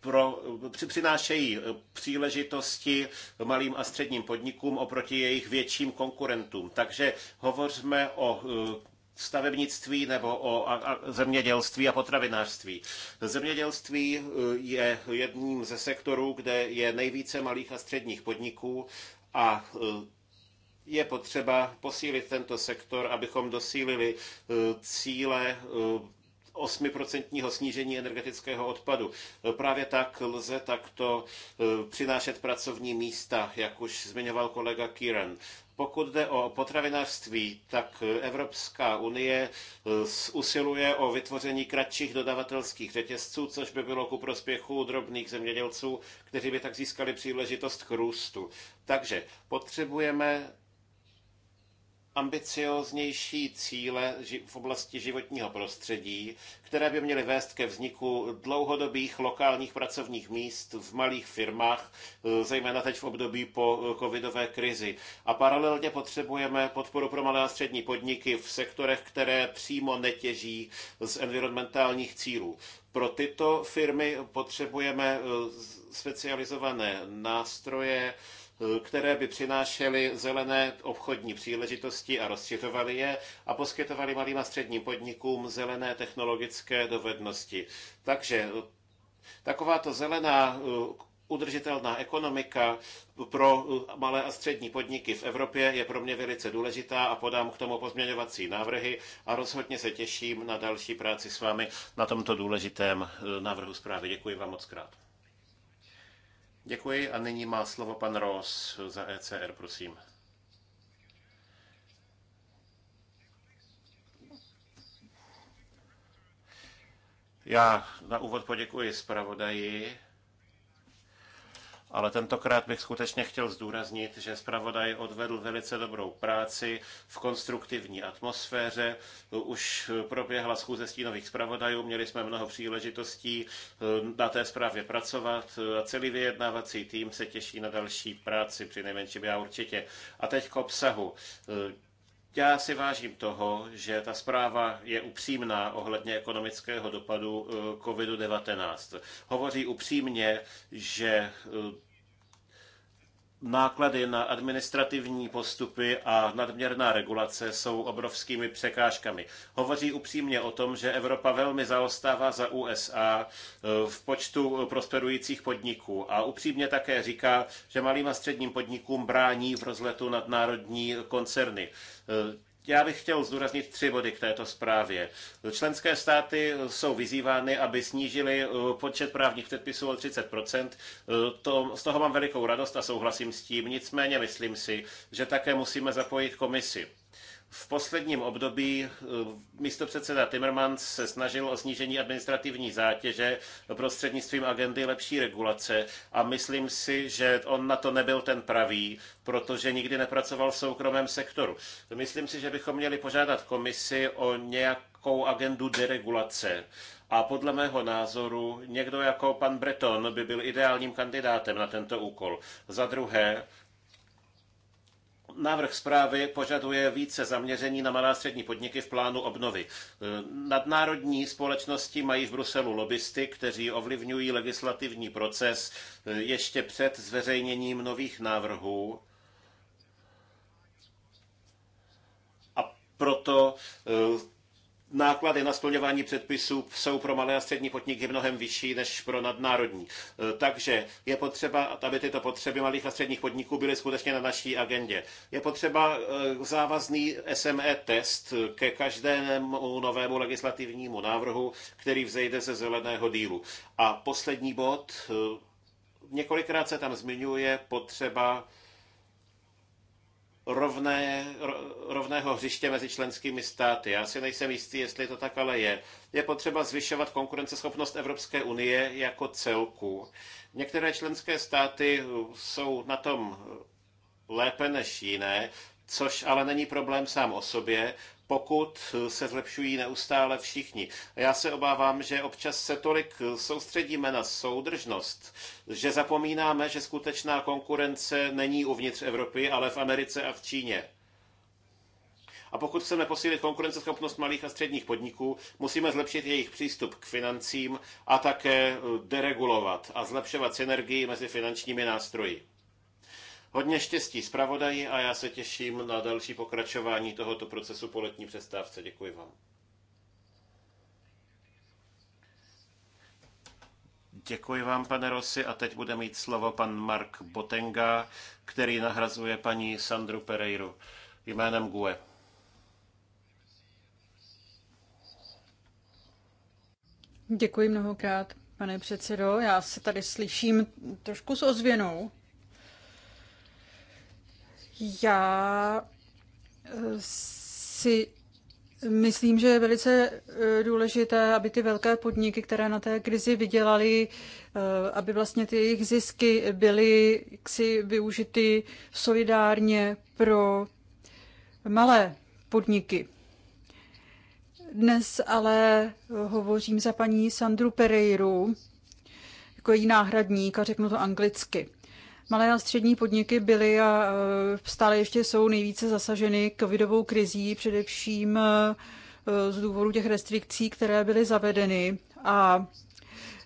pro, při, přinášejí příležitosti malým a středním podnikům oproti jejich větším konkurentům. Takže hovořme o stavebnictví nebo o a, a zemědělství a potravinářství. Zemědělství je jedním ze sektorů, kde je nejvíce malých a středních podniků a je potřeba posílit tento sektor, abychom dosílili eh, cíle 8% eh, snížení energetického odpadu. Eh, právě tak lze takto přinášet pracovní místa, jak už zmiňoval kolega Kieran. Pokud jde o potravinářství, tak Evropská unie usiluje o vytvoření kratších dodavatelských řetězců, což by bylo ku prospěchu drobných zemědělců, kteří by tak získali příležitost k růstu. Takže potřebujeme ambicioznější cíle v oblasti životního prostředí, které by měly vést ke vzniku dlouhodobých lokálních pracovních míst v malých firmách, eh, zejména teď v období po eh, covidové krizi. A paralelně potřebujeme podporu pro malé a střední podniky v sektorech, které přímo netěží z environmentálních cílů. Pro tyto firmy potřebujeme eh, specializované nástroje, které by přinášely zelené obchodní příležitosti a rozšiřovaly je a poskytovaly malým a středním podnikům zelené technologické dovednosti. Takže takováto zelená uh, udržitelná ekonomika pro uh, malé a střední podniky v Evropě je pro mě velice důležitá a podám k tomu pozměňovací návrhy a rozhodně se těším na další práci s vámi na tomto důležitém uh, návrhu zprávy. Děkuji vám moc krát. Děkuji a nyní má slovo pan Ross za ECR, prosím. Já na úvod poděkuji zpravodaji ale tentokrát bych skutečně chtěl zdůraznit, že zpravodaj odvedl velice dobrou práci v konstruktivní atmosféře. Už proběhla schůze stínových zpravodajů, měli jsme mnoho příležitostí eh, na té zprávě pracovat eh, a celý vyjednávací tým se těší na další práci, při nejmenším já určitě. A teď k obsahu. Eh, já si vážím toho, že ta zpráva je upřímná ohledně ekonomického dopadu eh, COVID-19. Hovoří upřímně, že eh, náklady na administrativní postupy a nadměrná regulace jsou obrovskými překážkami. Hovoří upřímně o tom, že Evropa velmi zaostává za USA eh, v počtu prosperujících podniků a upřímně také říká, že malým a středním podnikům brání v rozletu nadnárodní koncerny eh, já bych chtěl zdůraznit tři body k této zprávě. Členské státy eh, jsou vyzývány, aby snížili eh, počet právních předpisů o 30%. Eh, to, z toho mám velikou radost a souhlasím s tím. Nicméně myslím si, že také musíme zapojit komisi. V posledním období eh, místopředseda Timmermans se snažil o snížení administrativní zátěže prostřednictvím agendy lepší regulace a myslím si, že on na to nebyl ten pravý, protože nikdy nepracoval v soukromém sektoru. Myslím si, že bychom měli požádat komisi o nějakou agendu deregulace. A podle mého názoru někdo jako pan Breton by byl ideálním kandidátem na tento úkol. Za druhé, Návrh zprávy požaduje více zaměření na malé a střední podniky v plánu obnovy. E, nadnárodní společnosti mají v Bruselu lobbysty, kteří ovlivňují legislativní proces e, ještě před zveřejněním nových návrhů. A proto e, náklady na splňování předpisů jsou pro malé a střední podniky mnohem vyšší než pro nadnárodní. E, takže je potřeba, aby tyto potřeby malých a středních podniků byly skutečně na naší agendě. Je potřeba e, závazný SME test ke každému novému legislativnímu návrhu, který vzejde ze zeleného dílu. A poslední bod, e, několikrát se tam zmiňuje potřeba rovné, rovného hřiště mezi členskými státy. Já si nejsem jistý, jestli to tak ale je. Je potřeba zvyšovat konkurenceschopnost Evropské unie jako celku. Některé členské státy jsou na tom lépe než jiné, což ale není problém sám o sobě pokud se zlepšují neustále všichni. Já se obávám, že občas se tolik soustředíme na soudržnost, že zapomínáme, že skutečná konkurence není uvnitř Evropy, ale v Americe a v Číně. A pokud chceme posílit konkurenceschopnost malých a středních podniků, musíme zlepšit jejich přístup k financím a také deregulovat a zlepšovat synergii mezi finančními nástroji. Hodně štěstí zpravodaji a já se těším na další pokračování tohoto procesu po letní přestávce. Děkuji vám. Děkuji vám, pane Rossi, a teď bude mít slovo pan Mark Botenga, který nahrazuje paní Sandru Pereiru jménem GUE. Děkuji mnohokrát, pane předsedo. Já se tady slyším trošku s ozvěnou. Já eh, si myslím, že je velice eh, důležité, aby ty velké podniky, které na té krizi vydělaly, eh, aby vlastně ty jejich zisky byly si využity solidárně pro malé podniky. Dnes ale hovořím za paní Sandru Pereiru jako její náhradník a řeknu to anglicky. Malé a střední podniky byly a e, stále ještě jsou nejvíce zasaženy covidovou krizí, především e, z důvodu těch restrikcí, které byly zavedeny. A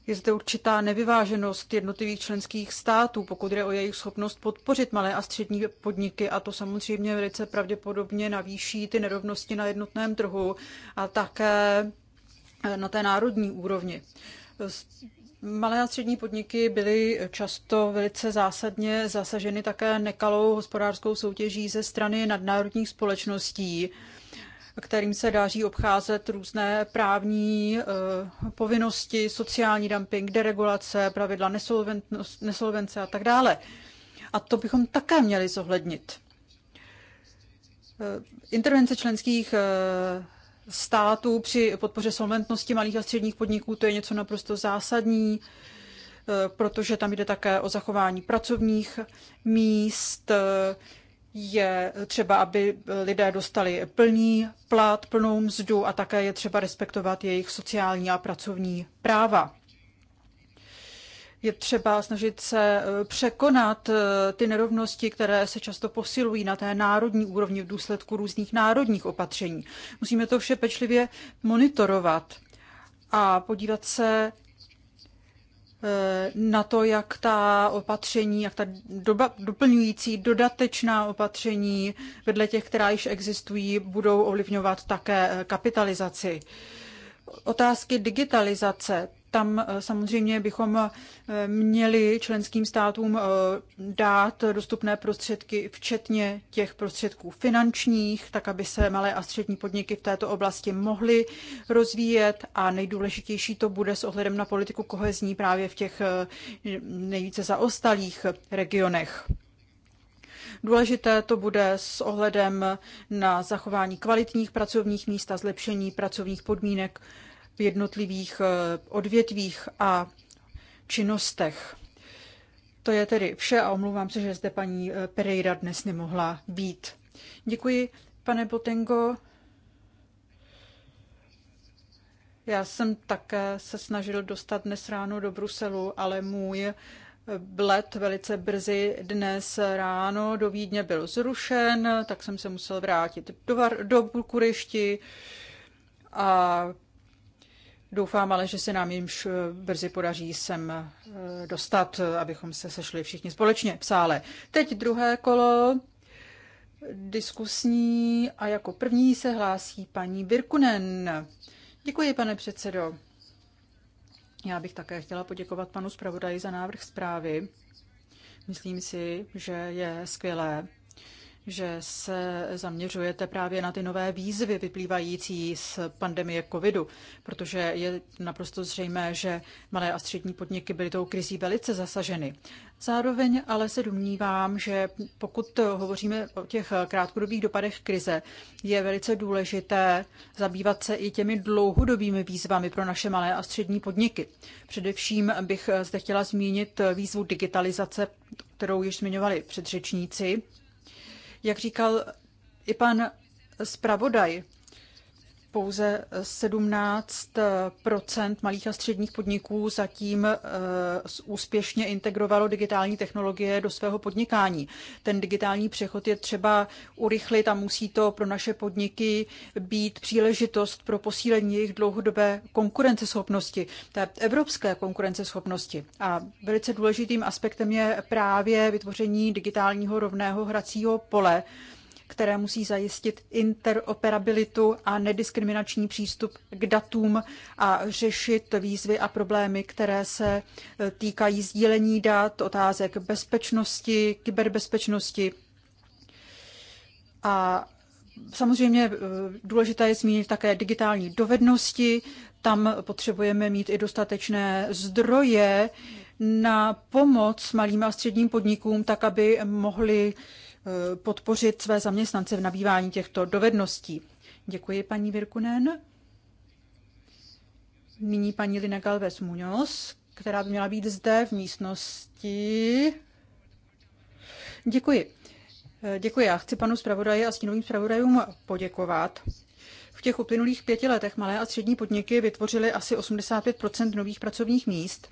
je zde určitá nevyváženost jednotlivých členských států, pokud jde o jejich schopnost podpořit malé a střední podniky a to samozřejmě velice pravděpodobně navýší ty nerovnosti na jednotném trhu a také e, na té národní úrovni. Malé a střední podniky byly často velice zásadně zasaženy také nekalou hospodářskou soutěží ze strany nadnárodních společností, kterým se dáří obcházet různé právní eh, povinnosti, sociální dumping, deregulace, pravidla nesolvence a tak dále. A to bychom také měli zohlednit. Eh, intervence členských eh, Státu při podpoře solventnosti malých a středních podniků, to je něco naprosto zásadní, eh, protože tam jde také o zachování pracovních míst, eh, je třeba, aby lidé dostali plný plat, plnou mzdu a také je třeba respektovat jejich sociální a pracovní práva je třeba snažit se eh, překonat eh, ty nerovnosti, které se často posilují na té národní úrovni v důsledku různých národních opatření. Musíme to vše pečlivě monitorovat a podívat se eh, na to, jak ta opatření, jak ta doba, doplňující dodatečná opatření vedle těch, která již existují, budou ovlivňovat také kapitalizaci. Otázky digitalizace, tam eh, samozřejmě bychom eh, měli členským státům eh, dát dostupné prostředky, včetně těch prostředků finančních, tak aby se malé a střední podniky v této oblasti mohly rozvíjet a nejdůležitější to bude s ohledem na politiku kohezní právě v těch nejvíce zaostalých regionech. Důležité to bude s ohledem na zachování kvalitních pracovních míst a zlepšení pracovních podmínek v jednotlivých eh, odvětvích a činnostech. To je tedy vše a omlouvám se, že zde paní eh, Pereira dnes nemohla být. Děkuji, pane Botengo. Já jsem také se snažil dostat dnes ráno do Bruselu, ale můj eh, let velice brzy dnes ráno do Vídně byl zrušen, tak jsem se musel vrátit do, Var- do Bukurešti a Doufám ale, že se nám jimž brzy podaří sem eh, dostat, eh, abychom se sešli všichni společně v sále. Teď druhé kolo diskusní a jako první se hlásí paní Birkunen. Děkuji, pane předsedo. Já bych také chtěla poděkovat panu zpravodaji za návrh zprávy. Myslím si, že je skvělé, že se zaměřujete právě na ty nové výzvy vyplývající z pandemie covidu, protože je naprosto zřejmé, že malé a střední podniky byly tou krizí velice zasaženy. Zároveň ale se domnívám, že pokud hovoříme o těch krátkodobých dopadech krize, je velice důležité zabývat se i těmi dlouhodobými výzvami pro naše malé a střední podniky. Především bych zde chtěla zmínit výzvu digitalizace, kterou již zmiňovali předřečníci jak říkal i pan zpravodaj pouze 17 malých a středních podniků zatím eh, úspěšně integrovalo digitální technologie do svého podnikání. Ten digitální přechod je třeba urychlit a musí to pro naše podniky být příležitost pro posílení jejich dlouhodobé konkurenceschopnosti, té evropské konkurenceschopnosti. A velice důležitým aspektem je právě vytvoření digitálního rovného hracího pole, které musí zajistit interoperabilitu a nediskriminační přístup k datům a řešit výzvy a problémy, které se eh, týkají sdílení dat, otázek bezpečnosti, kyberbezpečnosti. A samozřejmě eh, důležité je zmínit také digitální dovednosti. Tam potřebujeme mít i dostatečné zdroje na pomoc malým a středním podnikům, tak aby mohli Eh, podpořit své zaměstnance v nabývání těchto dovedností. Děkuji, paní Virkunen. Nyní paní Lina Galvez Muñoz, která by měla být zde v místnosti. Děkuji. Eh, děkuji. Já chci panu zpravodaji a stínovým zpravodajům poděkovat. V těch uplynulých pěti letech malé a střední podniky vytvořily asi 85 nových pracovních míst,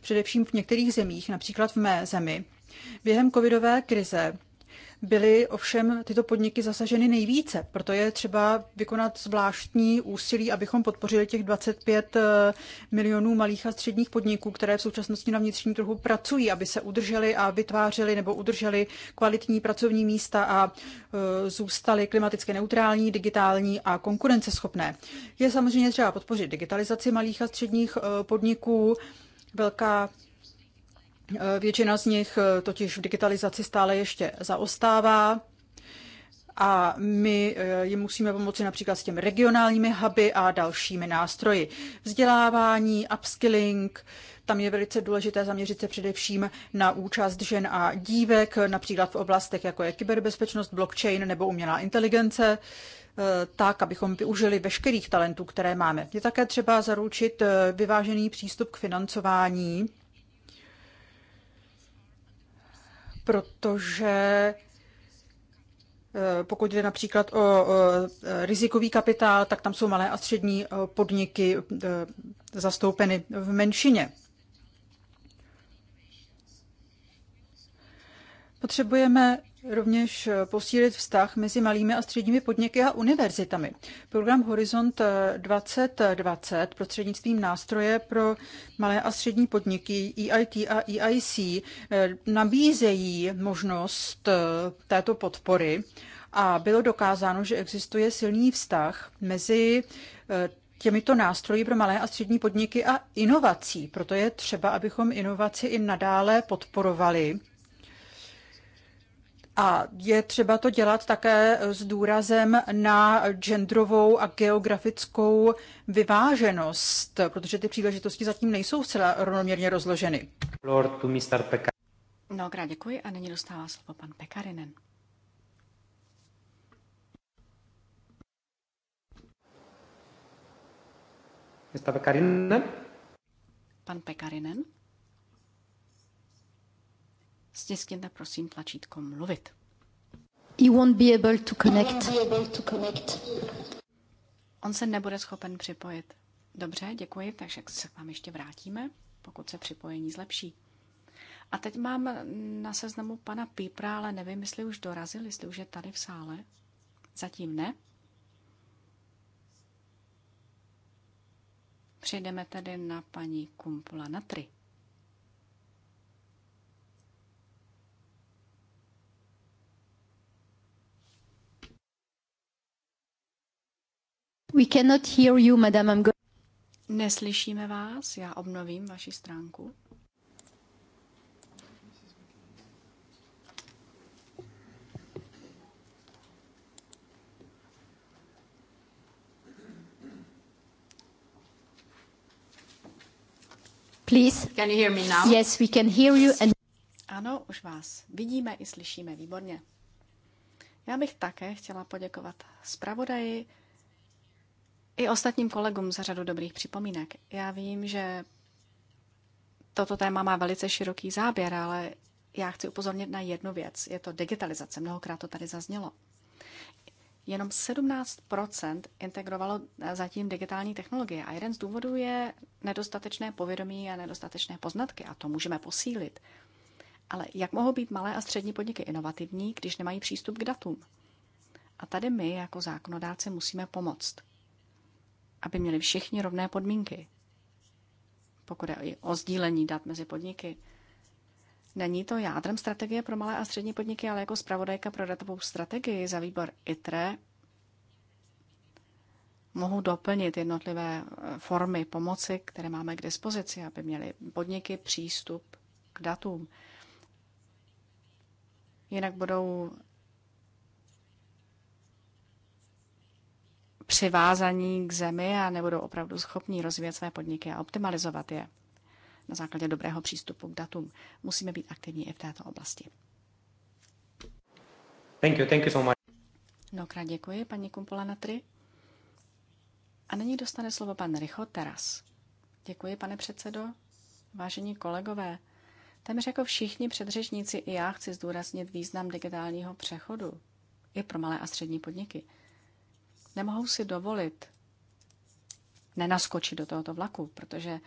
především v některých zemích, například v mé zemi. Během covidové krize byly ovšem tyto podniky zasaženy nejvíce. Proto je třeba vykonat zvláštní úsilí, abychom podpořili těch 25 eh, milionů malých a středních podniků, které v současnosti na vnitřním trhu pracují, aby se udrželi a vytvářeli nebo udrželi kvalitní pracovní místa a eh, zůstaly klimaticky neutrální, digitální a konkurenceschopné. Je samozřejmě třeba podpořit digitalizaci malých a středních eh, podniků. Velká Eh, většina z nich eh, totiž v digitalizaci stále ještě zaostává a my eh, jim musíme pomoci například s těmi regionálními huby a dalšími nástroji. Vzdělávání, upskilling, tam je velice důležité zaměřit se především na účast žen a dívek, například v oblastech jako je kyberbezpečnost, blockchain nebo umělá inteligence tak, abychom využili veškerých talentů, které máme. Je také třeba zaručit vyvážený přístup k financování protože eh, pokud jde například o eh, rizikový kapitál, tak tam jsou malé a střední eh, podniky zastoupeny v menšině. Potřebujeme rovněž eh, posílit vztah mezi malými a středními podniky a univerzitami. Program Horizont 2020 eh, prostřednictvím nástroje pro malé a střední podniky EIT a EIC eh, nabízejí možnost této podpory a bylo dokázáno, že existuje silný vztah mezi těmito nástroji pro malé a střední podniky a inovací. Proto je třeba, abychom inovaci i nadále podporovali a je třeba to dělat také s důrazem na genderovou a geografickou vyváženost, protože ty příležitosti zatím nejsou zcela rovnoměrně rozloženy. Lord, Mnohokrát děkuji a nyní dostává slovo pan Pekarinen. Mr. Pekarinen? Pan Pekarinen? stiskněte prosím tlačítko mluvit. You won't be able to connect. On se nebude schopen připojit. Dobře, děkuji, takže se k vám ještě vrátíme, pokud se připojení zlepší. A teď mám na seznamu pana Pípra, ale nevím, jestli už dorazil, jestli už je tady v sále. Zatím ne. Přejdeme tedy na paní Kumpula Natry. We cannot hear you, madam. I'm go- Neslyšíme vás, já obnovím vaši stránku. Please. Can you hear me now? Yes, we can hear you and... Ano, už vás vidíme i slyšíme výborně. Já bych také chtěla poděkovat zpravodaji, i ostatním kolegům za řadu dobrých připomínek. Já vím, že toto téma má velice široký záběr, ale já chci upozornit na jednu věc. Je to digitalizace. Mnohokrát to tady zaznělo. Jenom 17 integrovalo eh, zatím digitální technologie a jeden z důvodů je nedostatečné povědomí a nedostatečné poznatky a to můžeme posílit. Ale jak mohou být malé a střední podniky inovativní, když nemají přístup k datům? A tady my jako zákonodáci musíme pomoct aby měli všichni rovné podmínky, pokud je o sdílení dat mezi podniky. Není to jádrem strategie pro malé a střední podniky, ale jako zpravodajka pro datovou strategii za výbor ITRE mohu doplnit jednotlivé eh, formy pomoci, které máme k dispozici, aby měly podniky přístup k datům. Jinak budou přivázaní k zemi a nebudou opravdu schopní rozvíjet své podniky a optimalizovat je na základě dobrého přístupu k datům. Musíme být aktivní i v této oblasti. Thank you, thank you so much. krát děkuji, paní Kumpola Natry. A nyní dostane slovo pan Richo Teras. Děkuji, pane předsedo. Vážení kolegové, téměř jako všichni předřečníci i já chci zdůraznit význam digitálního přechodu i pro malé a střední podniky – nemohou si dovolit nenaskočit do tohoto vlaku, protože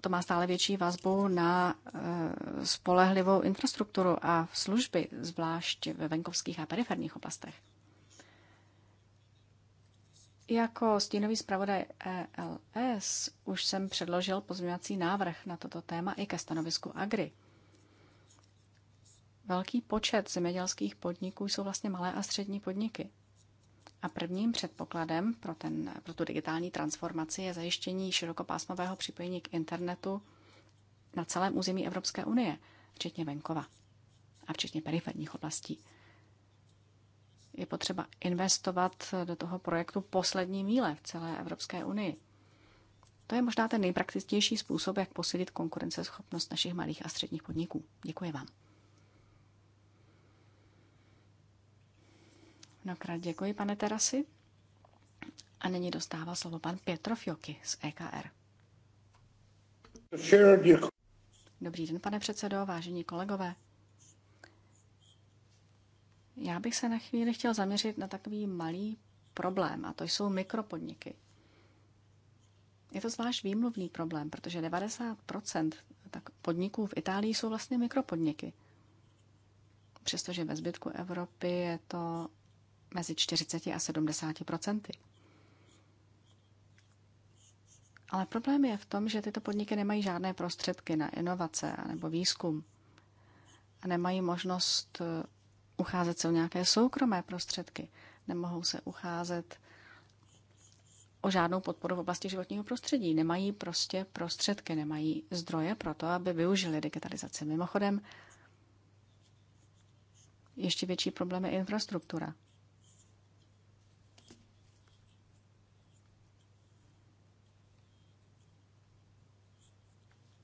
to má stále větší vazbu na eh, spolehlivou infrastrukturu a služby, zvlášť ve venkovských a periferních oblastech. Jako stínový zpravodaj ELS už jsem předložil pozměňovací návrh na toto téma i ke stanovisku Agri. Velký počet zemědělských podniků jsou vlastně malé a střední podniky. A prvním předpokladem pro, ten, pro tu digitální transformaci je zajištění širokopásmového připojení k internetu na celém území Evropské unie, včetně venkova a včetně periferních oblastí. Je potřeba investovat do toho projektu poslední míle v celé Evropské unii. To je možná ten nejpraktičtější způsob, jak posilit konkurenceschopnost našich malých a středních podniků. Děkuji vám. Mnohokrát děkuji, pane Terasi. A nyní dostává slovo pan Pietro Fioky z EKR. Dobrý den, pane předsedo, vážení kolegové. Já bych se na chvíli chtěl zaměřit na takový malý problém, a to jsou mikropodniky. Je to zvlášť výmluvný problém, protože 90 podniků v Itálii jsou vlastně mikropodniky. Přestože ve zbytku Evropy je to mezi 40 a 70 procenty. Ale problém je v tom, že tyto podniky nemají žádné prostředky na inovace nebo výzkum a nemají možnost eh, ucházet se o nějaké soukromé prostředky. Nemohou se ucházet o žádnou podporu v oblasti životního prostředí. Nemají prostě prostředky, nemají zdroje pro to, aby využili digitalizaci. Mimochodem, ještě větší problém je infrastruktura.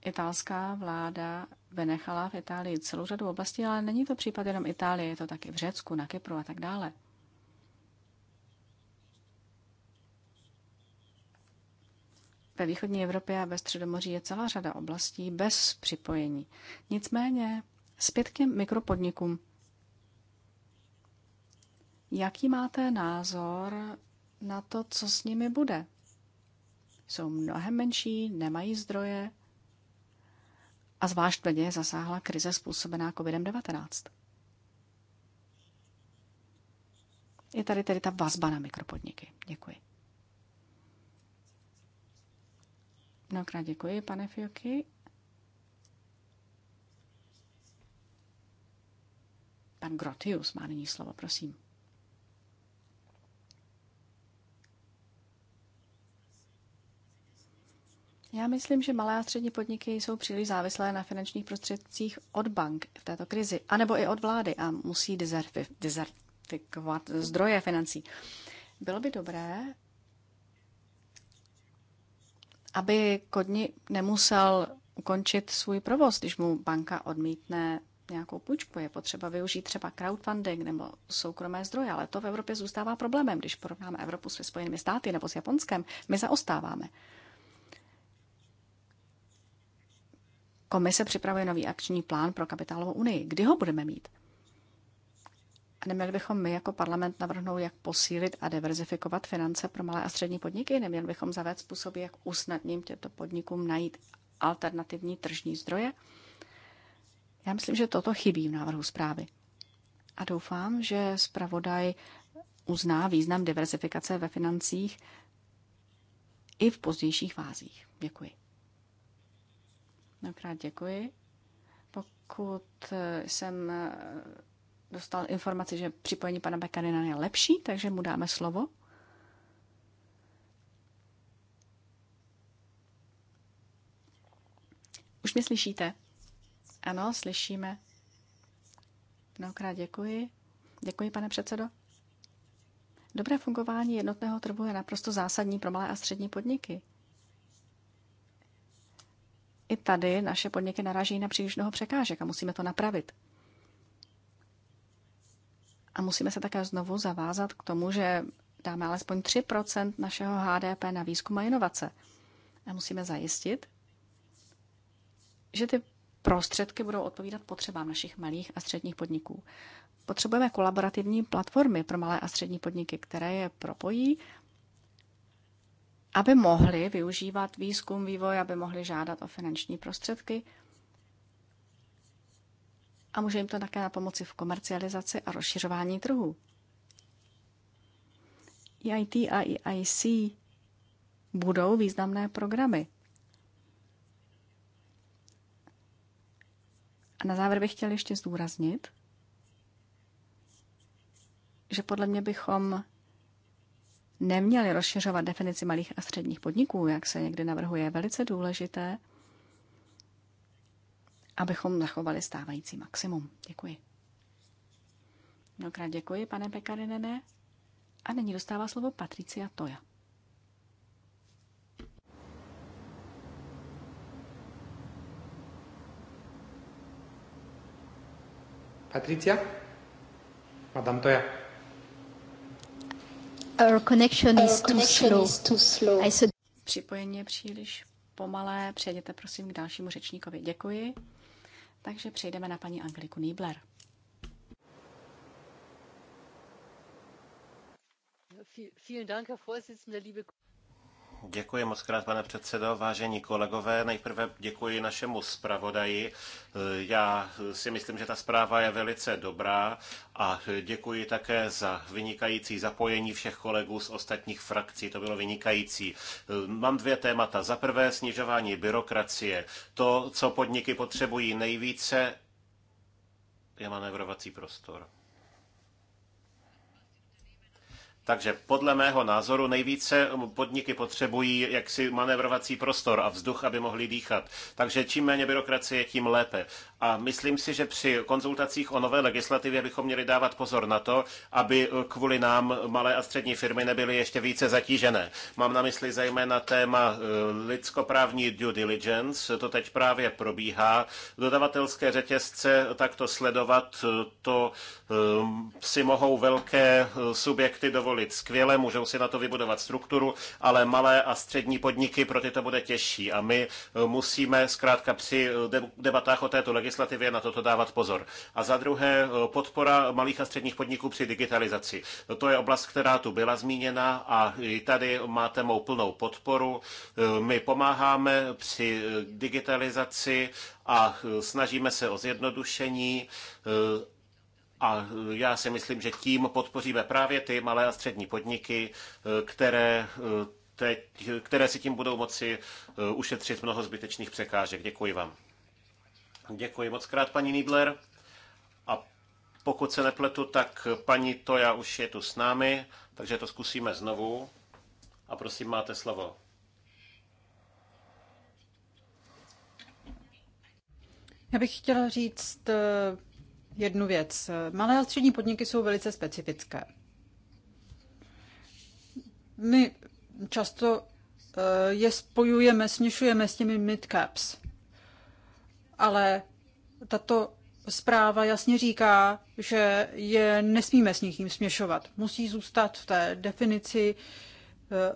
Italská vláda vynechala v Itálii celou řadu oblastí, ale není to případ jenom Itálie, je to taky v Řecku, na Kypru a tak dále. Ve východní Evropě a ve Středomoří je celá řada oblastí bez připojení. Nicméně zpět k mikropodnikům. Jaký máte názor na to, co s nimi bude? Jsou mnohem menší, nemají zdroje, a zvlášť tvrdě zasáhla krize způsobená COVID-19. Je tady tedy ta vazba na mikropodniky. Děkuji. Mnohokrát děkuji, pane Fioky. Pan Grotius má nyní slovo, prosím. Já myslím, že malé a střední podniky jsou příliš závislé na finančních prostředcích od bank v této krizi, anebo i od vlády a musí dezertifikovat zdroje financí. Bylo by dobré, aby Kodni nemusel ukončit svůj provoz, když mu banka odmítne nějakou půjčku. Je potřeba využít třeba crowdfunding nebo soukromé zdroje, ale to v Evropě zůstává problémem. Když porovnáme Evropu se Spojenými státy nebo s Japonskem, my zaostáváme. Komise připravuje nový akční plán pro kapitálovou unii. Kdy ho budeme mít? A neměli bychom my jako parlament navrhnout, jak posílit a diverzifikovat finance pro malé a střední podniky? Neměli bychom zavést způsoby, jak usnadnit těmto podnikům najít alternativní tržní zdroje? Já myslím, že toto chybí v návrhu zprávy. A doufám, že zpravodaj uzná význam diversifikace ve financích i v pozdějších fázích. Děkuji. Mnohokrát děkuji. Pokud eh, jsem eh, dostal informaci, že připojení pana Bekarina je lepší, takže mu dáme slovo. Už mě slyšíte? Ano, slyšíme. Mnohokrát děkuji. Děkuji, pane předsedo. Dobré fungování jednotného trhu je naprosto zásadní pro malé a střední podniky. I tady naše podniky naráží na příliš mnoho překážek a musíme to napravit. A musíme se také znovu zavázat k tomu, že dáme alespoň 3 našeho HDP na výzkum a inovace. A musíme zajistit, že ty prostředky budou odpovídat potřebám našich malých a středních podniků. Potřebujeme kolaborativní platformy pro malé a střední podniky, které je propojí aby mohli využívat výzkum, vývoj, aby mohli žádat o finanční prostředky. A může jim to také na pomoci v komercializaci a rozšiřování trhu. EIT a EIC budou významné programy. A na závěr bych chtěl ještě zdůraznit, že podle mě bychom neměli rozšiřovat definici malých a středních podniků, jak se někdy navrhuje, je velice důležité, abychom zachovali stávající maximum. Děkuji. Mnohokrát děkuji, pane Pekarinene. A nyní dostává slovo Patricia Toja. Patricia? Madame Toja. Our connection, is, too slow. is too slow. I said... Připojení je příliš pomalé. Přejděte prosím k dalšímu řečníkovi. Děkuji. Takže přejdeme na paní Angeliku Niebler. Vielen Dank, Herr Vorsitzender, liebe Děkuji moc krát, pane předsedo. Vážení kolegové, nejprve děkuji našemu zpravodaji. Já si myslím, že ta zpráva je velice dobrá a děkuji také za vynikající zapojení všech kolegů z ostatních frakcí. To bylo vynikající. Mám dvě témata. Za prvé snižování byrokracie. To, co podniky potřebují nejvíce, je manévrovací prostor. Takže podle mého názoru nejvíce podniky potřebují jaksi manevrovací prostor a vzduch, aby mohli dýchat. Takže čím méně byrokracie, tím lépe. A myslím si, že při konzultacích o nové legislativě bychom měli dávat pozor na to, aby kvůli nám malé a střední firmy nebyly ještě více zatížené. Mám na mysli zejména téma e, lidskoprávní due diligence, to teď právě probíhá. Dodavatelské řetězce takto sledovat, e, to e, si mohou velké subjekty dovolit školit skvěle, můžou si na to vybudovat strukturu, ale malé a střední podniky pro ty to bude těžší. A my eh, musíme zkrátka při eh, debatách o této legislativě na toto dávat pozor. A za druhé, eh, podpora malých a středních podniků při digitalizaci. To je oblast, která tu byla zmíněna a i tady máte mou plnou podporu. My pomáháme při digitalizaci a snažíme se o zjednodušení a e, já si myslím, že tím podpoříme právě ty malé a střední podniky, e, které, e, teď, které si tím budou moci ušetřit mnoho zbytečných překážek. Děkuji vám. Děkuji moc krát, paní Nidler. A pokud se nepletu, tak paní Toja už je tu s námi, takže to zkusíme znovu. A prosím, máte slovo. Já bych chtěla říct jednu věc. Malé a střední podniky jsou velice specifické. My často eh, je spojujeme, směšujeme s těmi midcaps. Ale tato zpráva jasně říká, že je nesmíme s nikým směšovat. Musí zůstat v té definici,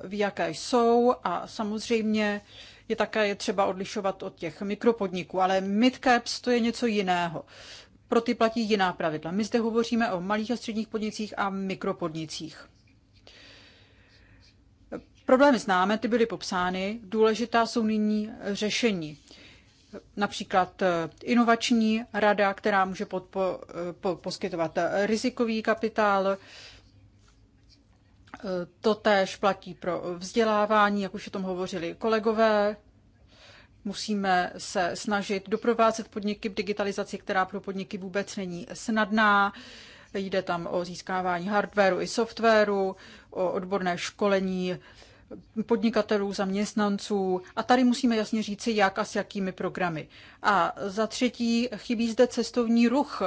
eh, v jaké jsou a samozřejmě je také třeba odlišovat od těch mikropodniků, ale midcaps to je něco jiného pro ty platí jiná pravidla. My zde hovoříme o malých a středních podnicích a mikropodnicích. Problémy známe, ty byly popsány, důležitá jsou nyní řešení. Například eh, inovační rada, která může podpo, eh, po, poskytovat eh, rizikový kapitál, to též platí pro vzdělávání, jak už o tom hovořili kolegové. Musíme se snažit doprovázet podniky v digitalizaci, která pro podniky vůbec není snadná. Jde tam o získávání hardwareu i softwaru, o odborné školení podnikatelů, zaměstnanců. A tady musíme jasně říci, jak a s jakými programy. A za třetí, chybí zde cestovní ruch.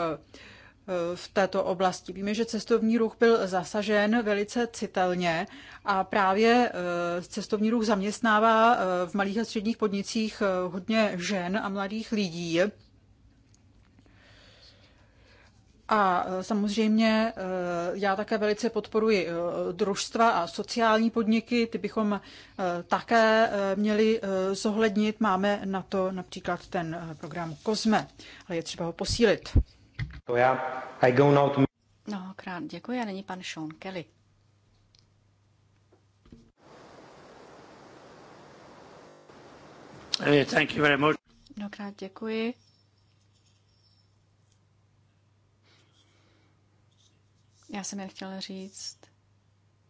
Eh, v této oblasti. Víme, že cestovní ruch byl zasažen velice citelně a právě eh, cestovní ruch zaměstnává eh, v malých a středních podnicích hodně žen a mladých lidí. A samozřejmě já také velice podporuji družstva a sociální podniky, ty bychom také měli zohlednit. Máme na to například ten program COSME, ale je třeba ho posílit. To já, I go now to... krát děkuji a není pan Sean Kelly. Thank you very much. Mnohokrát děkuji. Já jsem jen chtěla říct,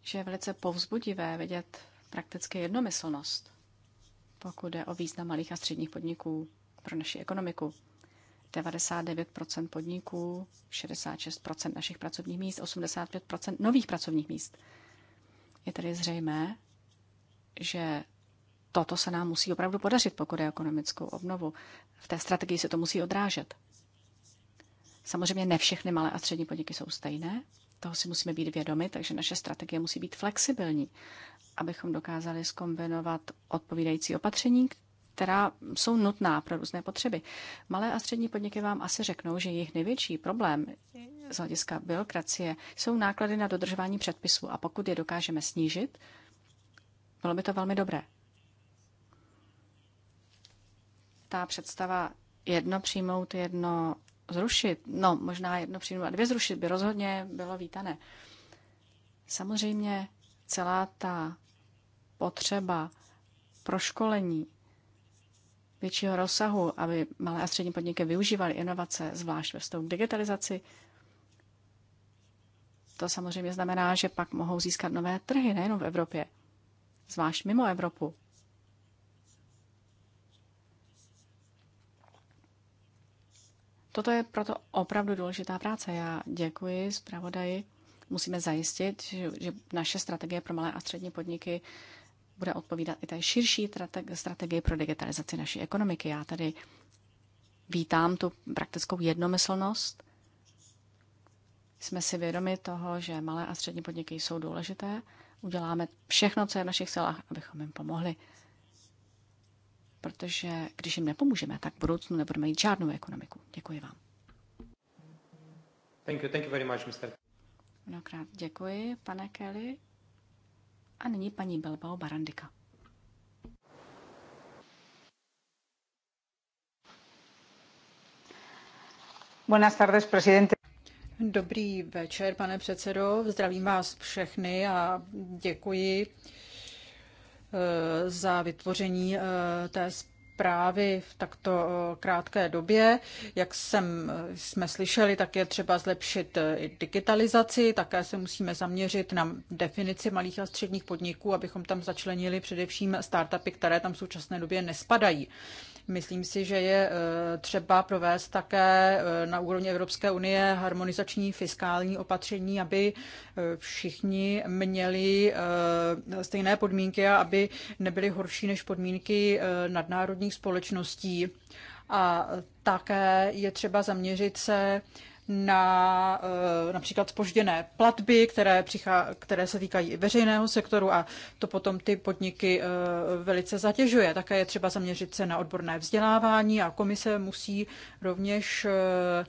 že je velice povzbudivé vidět prakticky jednomyslnost, pokud jde o význam malých a středních podniků pro naši ekonomiku. 99 podniků, 66 našich pracovních míst, 85 nových pracovních míst. Je tedy zřejmé, že toto se nám musí opravdu podařit, pokud je ekonomickou obnovu. V té strategii se to musí odrážet. Samozřejmě ne všechny malé a střední podniky jsou stejné, toho si musíme být vědomi, takže naše strategie musí být flexibilní, abychom dokázali skombinovat odpovídající opatření, která jsou nutná pro různé potřeby. Malé a střední podniky vám asi řeknou, že jejich největší problém z hlediska byrokracie jsou náklady na dodržování předpisů a pokud je dokážeme snížit, bylo by to velmi dobré. Ta představa jedno přijmout, jedno zrušit, no možná jedno přijmout a dvě zrušit by rozhodně bylo vítané. Samozřejmě celá ta potřeba proškolení většího rozsahu, aby malé a střední podniky využívaly inovace, zvlášť ve vztahu k digitalizaci. To samozřejmě znamená, že pak mohou získat nové trhy nejenom v Evropě, zvlášť mimo Evropu. Toto je proto opravdu důležitá práce. Já děkuji zpravodaji. Musíme zajistit, že naše strategie pro malé a střední podniky bude odpovídat i té širší strategii pro digitalizaci naší ekonomiky. Já tady vítám tu praktickou jednomyslnost. Jsme si vědomi toho, že malé a střední podniky jsou důležité. Uděláme všechno, co je v našich silách, abychom jim pomohli. Protože když jim nepomůžeme, tak v budoucnu nebudeme mít žádnou ekonomiku. Děkuji vám. Thank you, thank you very much, Mr. Mnohokrát děkuji, pane Kelly. A nyní paní Belbao Barandika. Buenas tardes, presidente. Dobrý večer, pane předsedo. Zdravím vás všechny a děkuji eh, za vytvoření eh, té společnosti zprávy v takto eh, krátké době. Jak jsem, eh, jsme slyšeli, tak je třeba zlepšit eh, i digitalizaci, také se musíme zaměřit na definici malých a středních podniků, abychom tam začlenili především startupy, které tam v současné době nespadají. Myslím si, že je eh, třeba provést také eh, na úrovni Evropské unie harmonizační fiskální opatření, aby eh, všichni měli stejné podmínky a aby nebyly horší než podmínky nadnárodních společností. A také je třeba zaměřit se na eh, například spožděné platby, které, přichá, které se týkají i veřejného sektoru a to potom ty podniky eh, velice zatěžuje. Také je třeba zaměřit se na odborné vzdělávání a komise musí rovněž eh,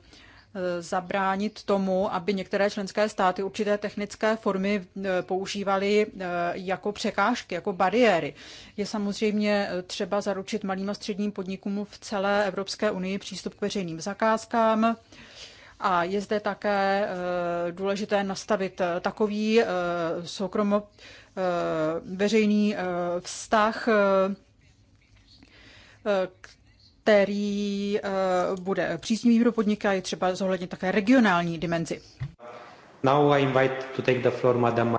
zabránit tomu, aby některé členské státy určité technické formy používaly jako překážky, jako bariéry. Je samozřejmě třeba zaručit malým a středním podnikům v celé Evropské unii přístup k veřejným zakázkám a je zde také eh, důležité nastavit eh, takový eh, soukromo veřejný vztah, který bude příznivý pro podniky a je třeba zohlednit také regionální dimenzi. Now I invite to take the floor, Madame.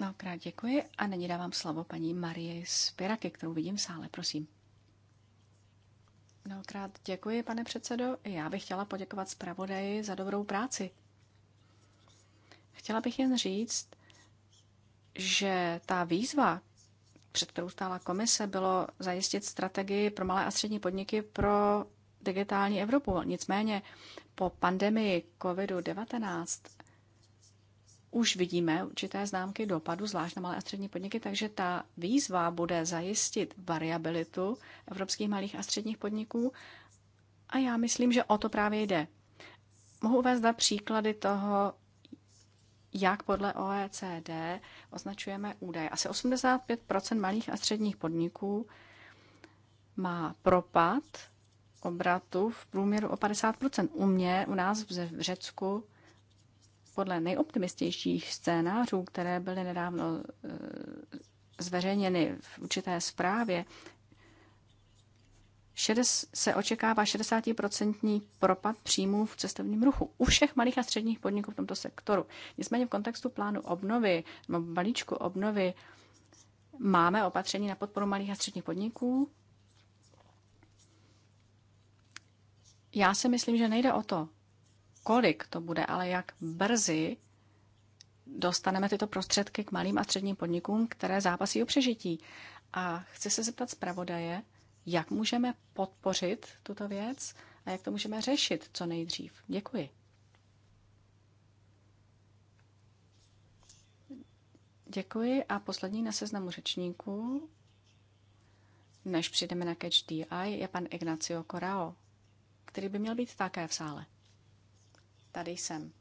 Mnohokrát děkuji a nyní dávám slovo paní Marie Spiraky, kterou vidím v sále, prosím. Mnohokrát děkuji, pane předsedo. Já bych chtěla poděkovat zpravodaji za dobrou práci. Chtěla bych jen říct, že ta výzva, před kterou stála komise, bylo zajistit strategii pro malé a střední podniky pro digitální Evropu. Nicméně po pandemii COVID-19 už vidíme určité známky dopadu, zvlášť na malé a střední podniky, takže ta výzva bude zajistit variabilitu evropských malých a středních podniků a já myslím, že o to právě jde. Mohu uvést dva příklady toho, jak podle OECD označujeme údaje. Asi 85 malých a středních podniků má propad obratu v průměru o 50 U mě, u nás v Řecku, podle nejoptimistějších scénářů, které byly nedávno e, zveřejněny v určité zprávě, se očekává 60% propad příjmů v cestovním ruchu u všech malých a středních podniků v tomto sektoru. Nicméně v kontextu plánu obnovy, nebo balíčku obnovy, máme opatření na podporu malých a středních podniků. Já si myslím, že nejde o to, kolik to bude, ale jak brzy dostaneme tyto prostředky k malým a středním podnikům, které zápasí o přežití. A chci se zeptat zpravodaje, jak můžeme podpořit tuto věc a jak to můžeme řešit co nejdřív. Děkuji. Děkuji a poslední na seznamu řečníků, než přijdeme na Catch DI, je pan Ignacio Corao, který by měl být také v sále. Tady jsem.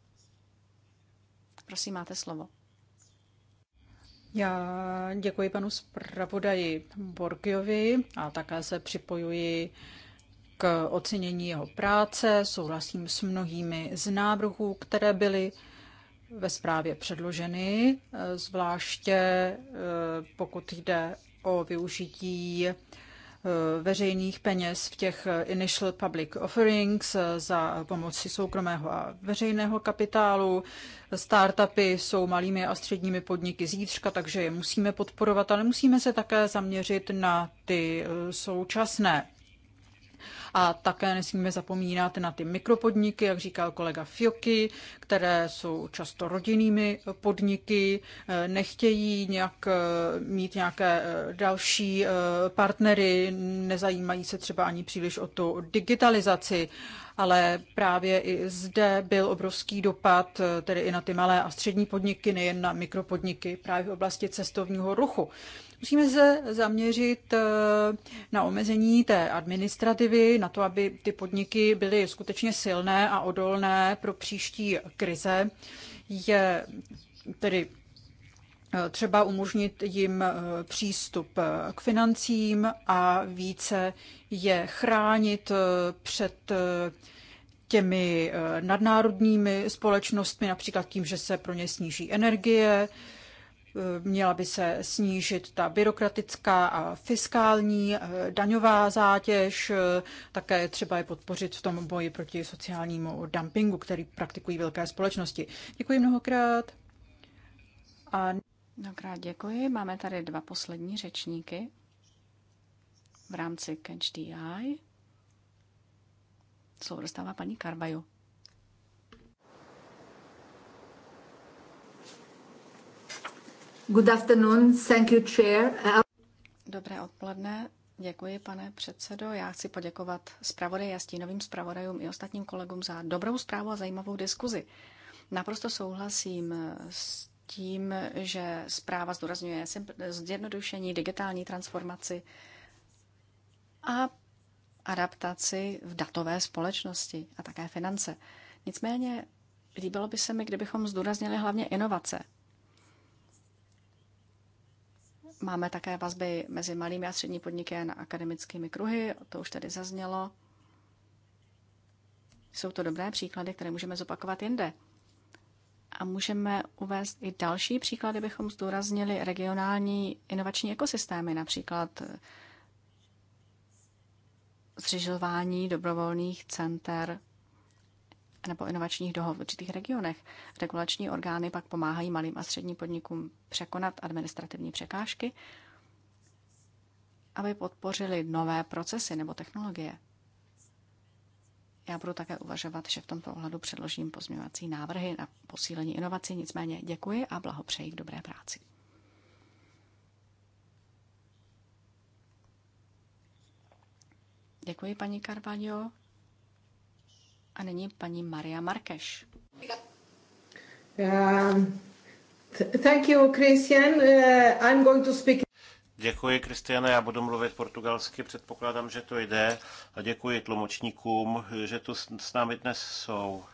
Prosím, máte slovo. Já děkuji panu zpravodaji Borgiovi a také se připojuji k ocenění jeho práce. Souhlasím s mnohými z návrhů, které byly ve zprávě předloženy, zvláště eh, pokud jde o využití Eh, veřejných peněz v těch eh, initial public offerings eh, za pomoci soukromého a veřejného kapitálu. Startupy jsou malými a středními podniky zítřka, takže je musíme podporovat, ale musíme se také zaměřit na ty současné. A také nesmíme zapomínat na ty mikropodniky, jak říkal kolega Fioky, které jsou často rodinnými podniky, eh, nechtějí nějak eh, mít nějaké eh, další partnery, nezajímají se třeba ani příliš o tu digitalizaci, ale právě i zde byl obrovský dopad tedy i na ty malé a střední podniky, nejen na mikropodniky právě v oblasti cestovního ruchu. Musíme se zaměřit eh, na omezení té administrativy, na to, aby ty podniky byly skutečně silné a odolné pro příští krize. Je tedy eh, třeba umožnit jim eh, přístup k financím a více je chránit před těmi nadnárodními společnostmi, například tím, že se pro ně sníží energie, Měla by se snížit ta byrokratická a fiskální eh, daňová zátěž, eh, také třeba je podpořit v tom boji proti sociálnímu dumpingu, který praktikují velké společnosti. Děkuji mnohokrát. A... Mnohokrát děkuji. Máme tady dva poslední řečníky v rámci Catch the Eye. Slovo dostává paní Karvaju. Good afternoon, thank you, chair. Dobré odpoledne, děkuji, pane předsedo. Já chci poděkovat zpravodaji a stínovým zpravodajům i ostatním kolegům za dobrou zprávu a zajímavou diskuzi. Naprosto souhlasím s tím, že zpráva zdůrazňuje zjednodušení, digitální transformaci a adaptaci v datové společnosti a také finance. Nicméně líbilo by se mi, kdybychom zdůraznili hlavně inovace, Máme také vazby mezi malými a střední podniky a akademickými kruhy, to už tady zaznělo. Jsou to dobré příklady, které můžeme zopakovat jinde. A můžeme uvést i další příklady, bychom zdůraznili regionální inovační ekosystémy, například eh, zřizování dobrovolných center nebo inovačních dohod v určitých regionech. Regulační orgány pak pomáhají malým a středním podnikům překonat administrativní překážky, aby podpořili nové procesy nebo technologie. Já budu také uvažovat, že v tomto ohledu předložím pozměňovací návrhy na posílení inovací, nicméně děkuji a blahopřeji k dobré práci. Děkuji, paní Carvalho. A nyní paní Maria Markeš. Um, uh, děkuji, Kristiane, já budu mluvit portugalsky, předpokládám, že to jde. A děkuji tlumočníkům, že tu s námi dnes jsou.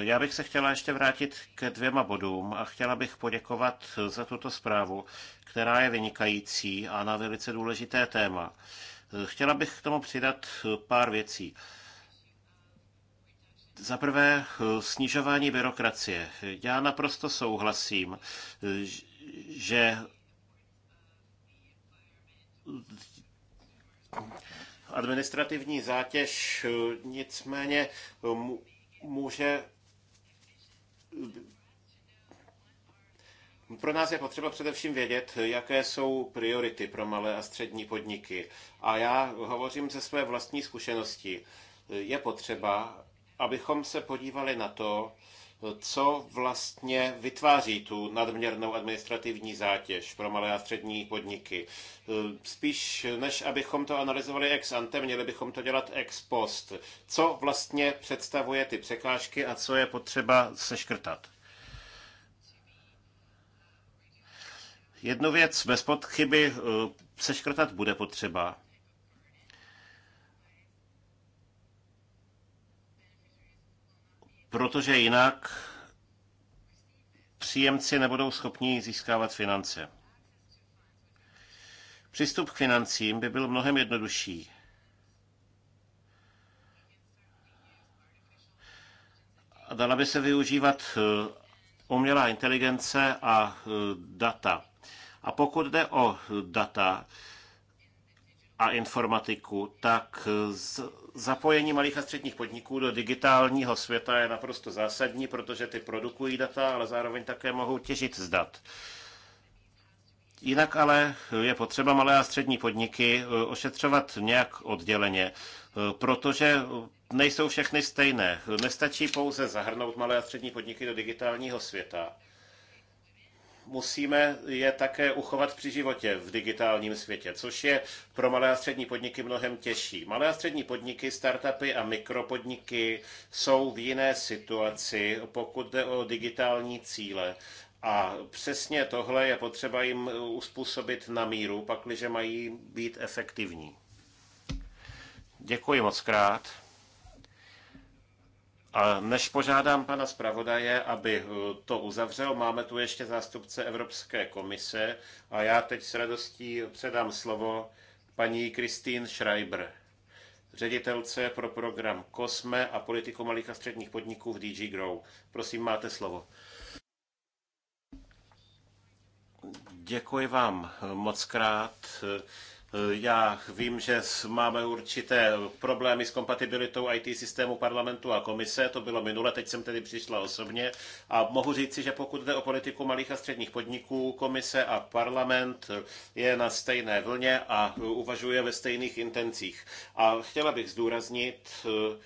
Já bych se chtěla ještě vrátit ke dvěma bodům a chtěla bych poděkovat za tuto zprávu, která je vynikající a na velice důležité téma. Chtěla bych k tomu přidat eh, pár věcí. Za prvé eh, snižování byrokracie. Já naprosto souhlasím, eh, že administrativní zátěž nicméně může pro nás je potřeba především vědět, jaké jsou priority pro malé a střední podniky. A já hovořím ze své vlastní zkušenosti. Je potřeba, abychom se podívali na to, co vlastně vytváří tu nadměrnou administrativní zátěž pro malé a střední podniky. Spíš než abychom to analyzovali ex ante, měli bychom to dělat ex post. Co vlastně představuje ty překážky a co je potřeba seškrtat? Jednu věc bez podchyby eh, seškrtat bude potřeba. Protože jinak příjemci nebudou schopni získávat finance. Přístup k financím by byl mnohem jednodušší. A dala by se využívat eh, umělá inteligence a eh, data. A pokud jde o data a informatiku, tak zapojení malých a středních podniků do digitálního světa je naprosto zásadní, protože ty produkují data, ale zároveň také mohou těžit z dat. Jinak ale je potřeba malé a střední podniky eh, ošetřovat nějak odděleně, eh, protože nejsou všechny stejné. Nestačí pouze zahrnout malé a střední podniky do digitálního světa musíme je také uchovat při životě v digitálním světě, což je pro malé a střední podniky mnohem těžší. Malé a střední podniky, startupy a mikropodniky jsou v jiné situaci, pokud jde o digitální cíle. A přesně tohle je potřeba jim uspůsobit na míru, pakliže mají být efektivní. Děkuji moc krát. A než požádám pana zpravodaje, aby eh, to uzavřel, máme tu ještě zástupce Evropské komise a já teď s radostí předám slovo paní Christine Schreiber, ředitelce pro program COSME a politiku malých a středních podniků v DG Grow. Prosím, máte slovo. Děkuji vám moc krát. Já vím, že máme určité problémy s kompatibilitou IT systému parlamentu a komise, to bylo minule, teď jsem tedy přišla osobně a mohu říci, že pokud jde o politiku malých a středních podniků, komise a parlament je na stejné vlně a uvažuje ve stejných intencích. A chtěla bych zdůraznit, eh,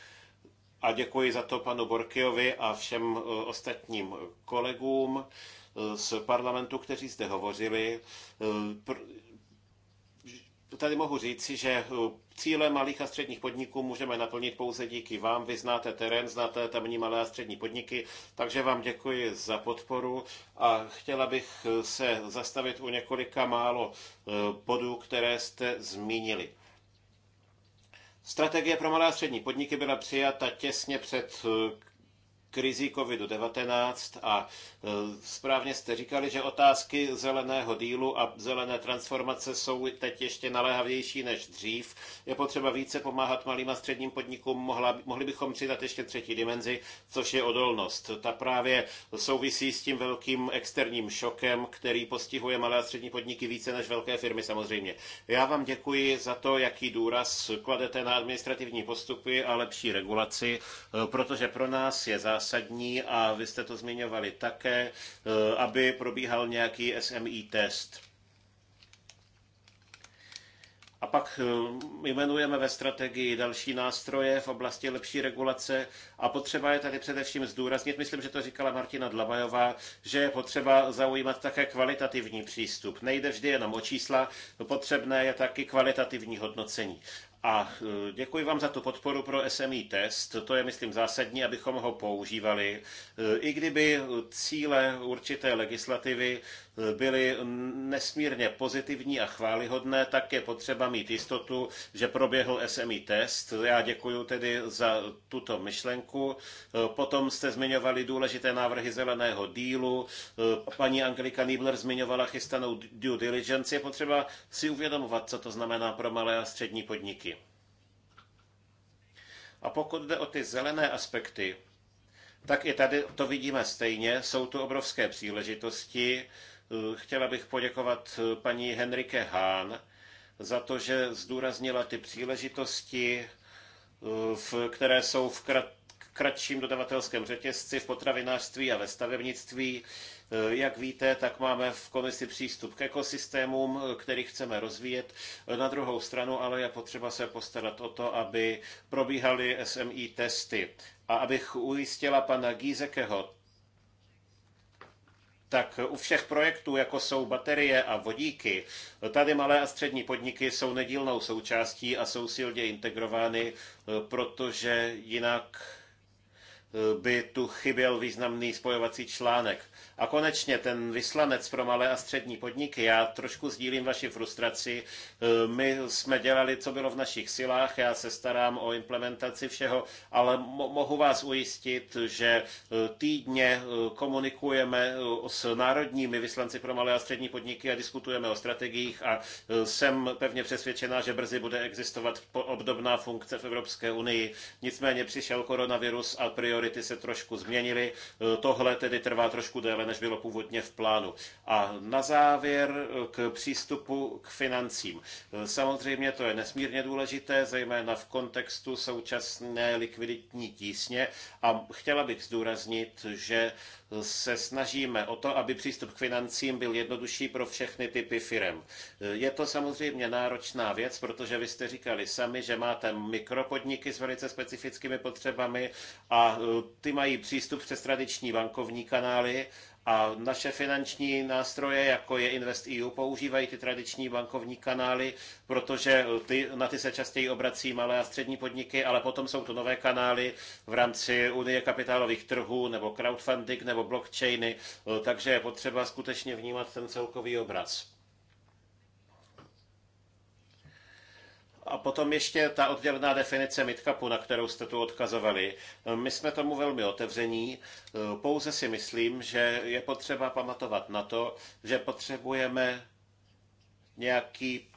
a děkuji za to panu Borkiovi a všem eh, ostatním kolegům eh, z parlamentu, kteří zde hovořili, tady mohu říci, že eh, cíle malých a středních podniků můžeme naplnit pouze díky vám. Vy znáte terén, znáte tamní malé a střední podniky, takže vám děkuji za podporu a chtěla bych eh, se zastavit u několika málo eh, bodů, které jste zmínili. Strategie pro malé a střední podniky byla přijata těsně před krizí COVID-19 a e, správně jste říkali, že otázky zeleného dílu a zelené transformace jsou teď ještě naléhavější než dřív. Je potřeba více pomáhat malým a středním podnikům. Mohla, mohli bychom přidat ještě třetí dimenzi, což je odolnost. Ta právě souvisí s tím velkým externím šokem, který postihuje malé a střední podniky více než velké firmy samozřejmě. Já vám děkuji za to, jaký důraz kladete na administrativní postupy a lepší regulaci, e, protože pro nás je zásadní zásadní, a vy jste to zmiňovali také, eh, aby probíhal nějaký SMI test. A pak eh, jmenujeme ve strategii další nástroje v oblasti lepší regulace a potřeba je tady především zdůraznit, myslím, že to říkala Martina Dlabajová, že je potřeba zaujímat také kvalitativní přístup. Nejde vždy jenom o čísla, potřebné je taky kvalitativní hodnocení. A eh, děkuji vám za tu podporu pro SMI test. To je, myslím, zásadní, abychom ho používali. Eh, I kdyby cíle určité legislativy eh, byly nesmírně pozitivní a chválihodné, tak je potřeba mít jistotu, že proběhl SMI test. Já děkuji tedy za tuto myšlenku. Potom jste zmiňovali důležité návrhy zeleného dílu. Paní Angelika Niebler zmiňovala chystanou due diligence. Je potřeba si uvědomovat, co to znamená pro malé a střední podniky. A pokud jde o ty zelené aspekty, tak i tady to vidíme stejně. Jsou tu obrovské příležitosti. Chtěla bych poděkovat eh, paní Henrike Hahn za to, že zdůraznila ty příležitosti, eh, které jsou v kratším dodavatelském řetězci, v potravinářství a ve stavebnictví. Eh, jak víte, tak máme v komisi přístup k ekosystémům, eh, který chceme rozvíjet. Eh, na druhou stranu ale je potřeba se postarat o to, aby probíhaly SMI testy. A abych ujistila pana Gízekeho, tak u všech projektů, jako jsou baterie a vodíky, tady malé a střední podniky jsou nedílnou součástí a jsou silně integrovány, protože jinak by tu chyběl významný spojovací článek. A konečně ten vyslanec pro malé a střední podniky, já trošku sdílím vaši frustraci. Eh, my jsme dělali, co bylo v našich silách, já se starám o implementaci všeho, ale mohu vás ujistit, že eh, týdně eh, komunikujeme s národními vyslanci pro malé a střední podniky a diskutujeme o strategiích a jsem pevně přesvědčená, že brzy bude existovat obdobná funkce v Evropské unii. Nicméně přišel koronavirus a priority se trošku změnily. Tohle tedy trvá trošku déle, než bylo původně v plánu. A na závěr eh, k přístupu k financím. Eh, samozřejmě to je nesmírně důležité, zejména v kontextu současné likviditní tísně a chtěla bych zdůraznit, že eh, se snažíme o to, aby přístup k financím byl jednodušší pro všechny typy firem. Je to samozřejmě náročná věc, protože vy jste říkali sami, že máte mikropodniky s velice specifickými potřebami a ty mají přístup přes tradiční bankovní kanály a naše finanční nástroje, jako je InvestEU, používají ty tradiční bankovní kanály, protože ty, na ty se častěji obrací malé a střední podniky, ale potom jsou to nové kanály v rámci Unie kapitálových trhů nebo crowdfunding nebo blockchainy, takže je potřeba skutečně vnímat ten celkový obraz. A potom ještě ta oddělená definice midcapu, na kterou jste tu odkazovali. Eh, my jsme tomu velmi otevření, eh, pouze si myslím, že je potřeba pamatovat na to, že potřebujeme nějaký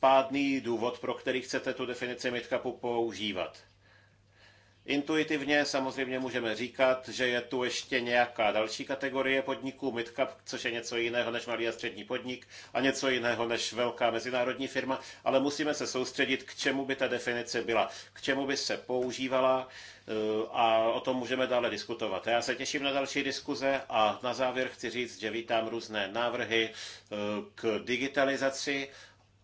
pádný důvod, pro který chcete tu definici midcapu používat. Intuitivně samozřejmě můžeme říkat, že je tu ještě nějaká další kategorie podniků, midcap, což je něco jiného než malý a střední podnik a něco jiného než velká mezinárodní firma, ale musíme se soustředit, k čemu by ta definice byla, k čemu by se používala eh, a o tom můžeme dále diskutovat. Já se těším na další diskuze a na závěr chci říct, že vítám různé návrhy eh, k digitalizaci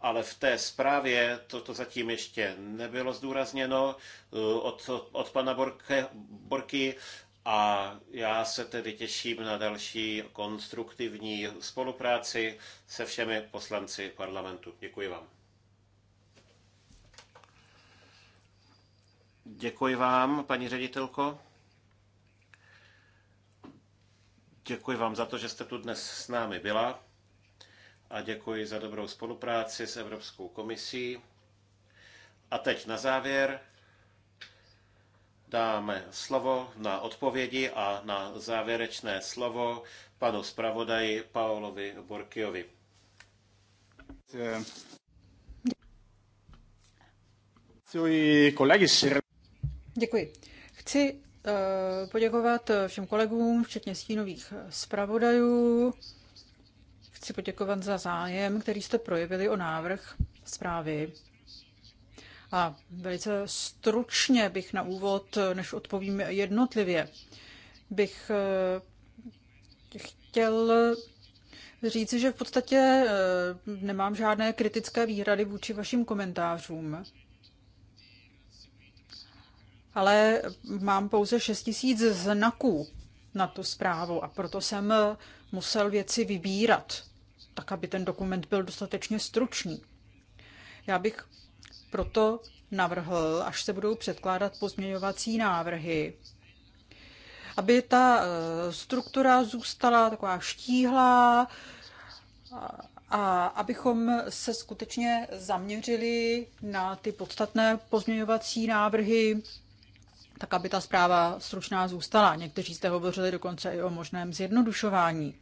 ale v té zprávě to, to zatím ještě nebylo zdůrazněno eh, od, od pana Borke, Borky a já se tedy těším na další konstruktivní spolupráci se všemi poslanci parlamentu. Děkuji vám. Děkuji vám, paní ředitelko. Děkuji vám za to, že jste tu dnes s námi byla a děkuji za dobrou spolupráci s Evropskou komisí. A teď na závěr dáme slovo na odpovědi a na závěrečné slovo panu zpravodaji Paolovi Borkiovi. Děkuji. Chci eh, poděkovat všem kolegům, včetně stínových zpravodajů, Chci poděkovat za zájem, který jste projevili o návrh zprávy. A velice stručně bych na úvod, než odpovím jednotlivě, bych eh, chtěl říci, že v podstatě eh, nemám žádné kritické výhrady vůči vašim komentářům. Ale mám pouze 6000 znaků na tu zprávu a proto jsem musel věci vybírat tak aby ten dokument byl dostatečně stručný. Já bych proto navrhl, až se budou předkládat pozměňovací návrhy, aby ta eh, struktura zůstala taková štíhlá a abychom se skutečně zaměřili na ty podstatné pozměňovací návrhy, tak aby ta zpráva stručná zůstala. Někteří jste hovořili dokonce i o možném zjednodušování.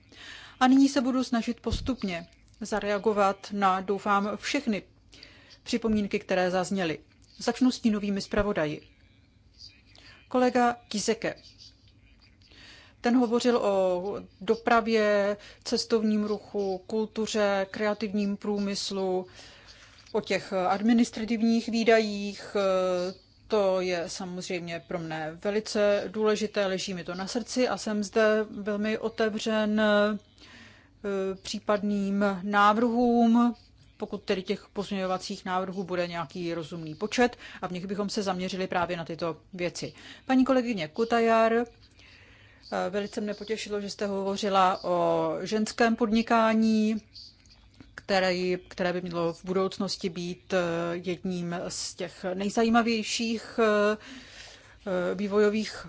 A nyní se budu snažit postupně zareagovat na, doufám, všechny připomínky, které zazněly. Začnu s novými zpravodaji. Kolega Kiseke. Ten hovořil o dopravě, cestovním ruchu, kultuře, kreativním průmyslu, o těch administrativních výdajích. To je samozřejmě pro mě velice důležité, leží mi to na srdci a jsem zde velmi otevřen Eh, případným návrhům, pokud tedy těch pozměňovacích návrhů bude nějaký rozumný počet a v nich bychom se zaměřili právě na tyto věci. Paní kolegyně Kutajar, eh, velice mě potěšilo, že jste hovořila o ženském podnikání, které, které by mělo v budoucnosti být eh, jedním z těch nejzajímavějších vývojových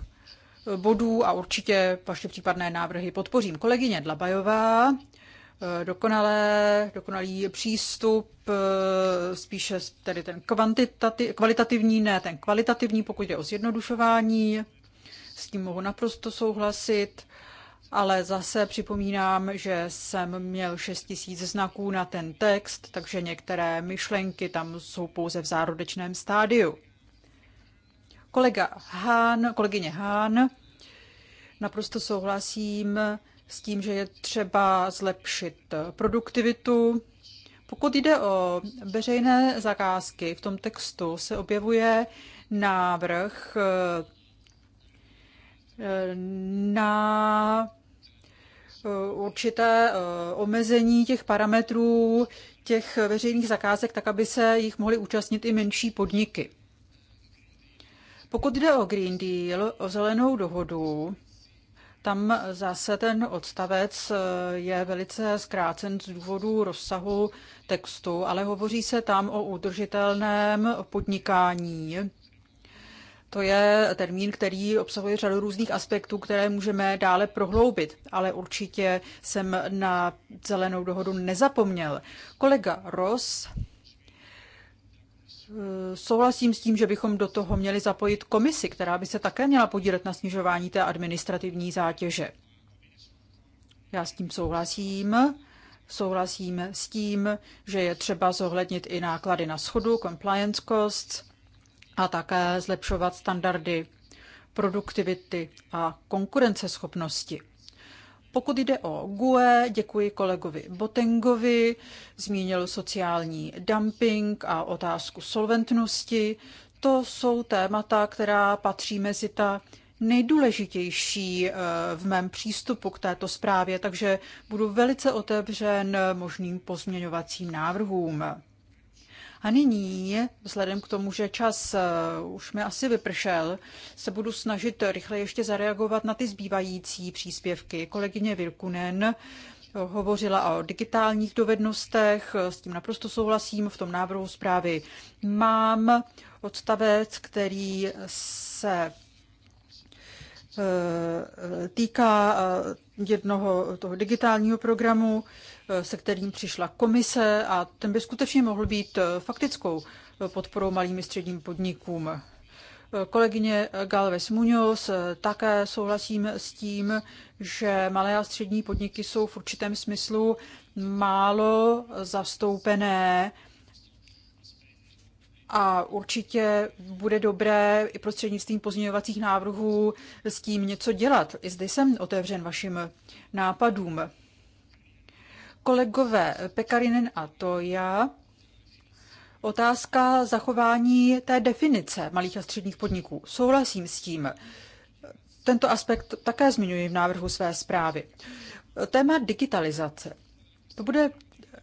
bodů a určitě vaše případné návrhy podpořím. Kolegyně Dlabajová, eh, dokonalé, dokonalý přístup, eh, spíše tedy ten kvalitativní, ne ten kvalitativní, pokud jde o zjednodušování, s tím mohu naprosto souhlasit, ale zase připomínám, že jsem měl 6 000 znaků na ten text, takže některé myšlenky tam jsou pouze v zárodečném stádiu. Kolega Hán, kolegyně Hán, naprosto souhlasím s tím, že je třeba zlepšit eh, produktivitu. Pokud jde o veřejné zakázky, v tom textu se objevuje návrh eh, na eh, určité omezení těch parametrů těch veřejných zakázek, tak aby se jich mohly účastnit i menší podniky. Pokud jde o Green Deal, o zelenou dohodu, tam zase ten odstavec eh, je velice zkrácen z důvodu rozsahu textu, ale hovoří se tam o udržitelném podnikání. To je termín, který obsahuje řadu různých aspektů, které můžeme dále prohloubit, ale určitě jsem na zelenou dohodu nezapomněl. Kolega Ross Eh, souhlasím s tím, že bychom do toho měli zapojit komisi, která by se také měla podílet na snižování té administrativní zátěže. Já s tím souhlasím. Souhlasím s tím, že je třeba zohlednit i náklady na schodu, compliance costs a také zlepšovat standardy produktivity a konkurenceschopnosti. Pokud jde o GUE, děkuji kolegovi Botengovi, zmínil sociální dumping a otázku solventnosti. To jsou témata, která patří mezi ta nejdůležitější eh, v mém přístupu k této zprávě, takže budu velice otevřen možným pozměňovacím návrhům. A nyní, vzhledem k tomu, že čas eh, už mi asi vypršel, se budu snažit rychle ještě zareagovat na ty zbývající příspěvky. Kolegyně Virkunen eh, hovořila o digitálních dovednostech, eh, s tím naprosto souhlasím, v tom návrhu zprávy mám odstavec, který se Eh, týká eh, jednoho toho digitálního programu, eh, se kterým přišla komise a ten by skutečně mohl být faktickou podporou malým středním podnikům. Kolegyně Galvez Muñoz také souhlasím s tím, že malé a střední podniky jsou v určitém smyslu málo zastoupené a určitě bude dobré i prostřednictvím pozměňovacích návrhů s tím něco dělat. I zde jsem otevřen vašim nápadům. Kolegové Pekarinen a to já. otázka zachování té definice malých a středních podniků. Souhlasím s tím. Tento aspekt také zmiňuji v návrhu své zprávy. Téma digitalizace. To bude eh,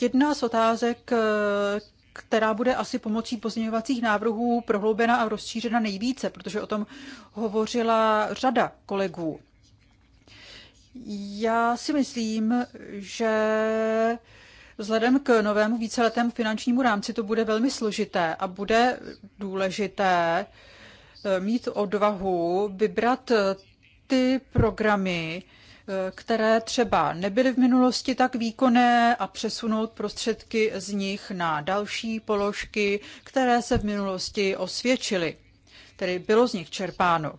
jedna z otázek, eh, která bude asi pomocí pozměňovacích návrhů prohloubena a rozšířena nejvíce, protože o tom hovořila řada kolegů. Já si myslím, že vzhledem k novému víceletému finančnímu rámci to bude velmi složité a bude důležité eh, mít odvahu vybrat eh, ty programy, které třeba nebyly v minulosti tak výkonné a přesunout prostředky z nich na další položky, které se v minulosti osvědčily, tedy bylo z nich čerpáno.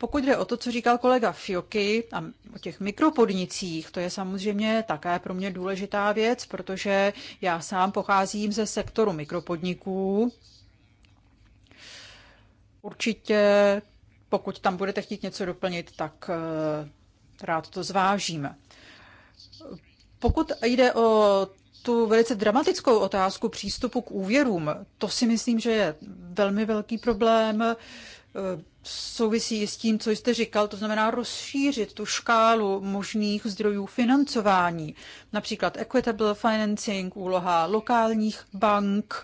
Pokud jde o to, co říkal kolega Fioky a o těch mikropodnicích, to je samozřejmě také pro mě důležitá věc, protože já sám pocházím ze sektoru mikropodniků. Určitě, pokud tam budete chtít něco doplnit, tak eh, rád to zvážím. Pokud jde o tu velice dramatickou otázku přístupu k úvěrům, to si myslím, že je velmi velký problém. Souvisí s tím, co jste říkal, to znamená rozšířit tu škálu možných zdrojů financování, například equitable financing, úloha lokálních bank,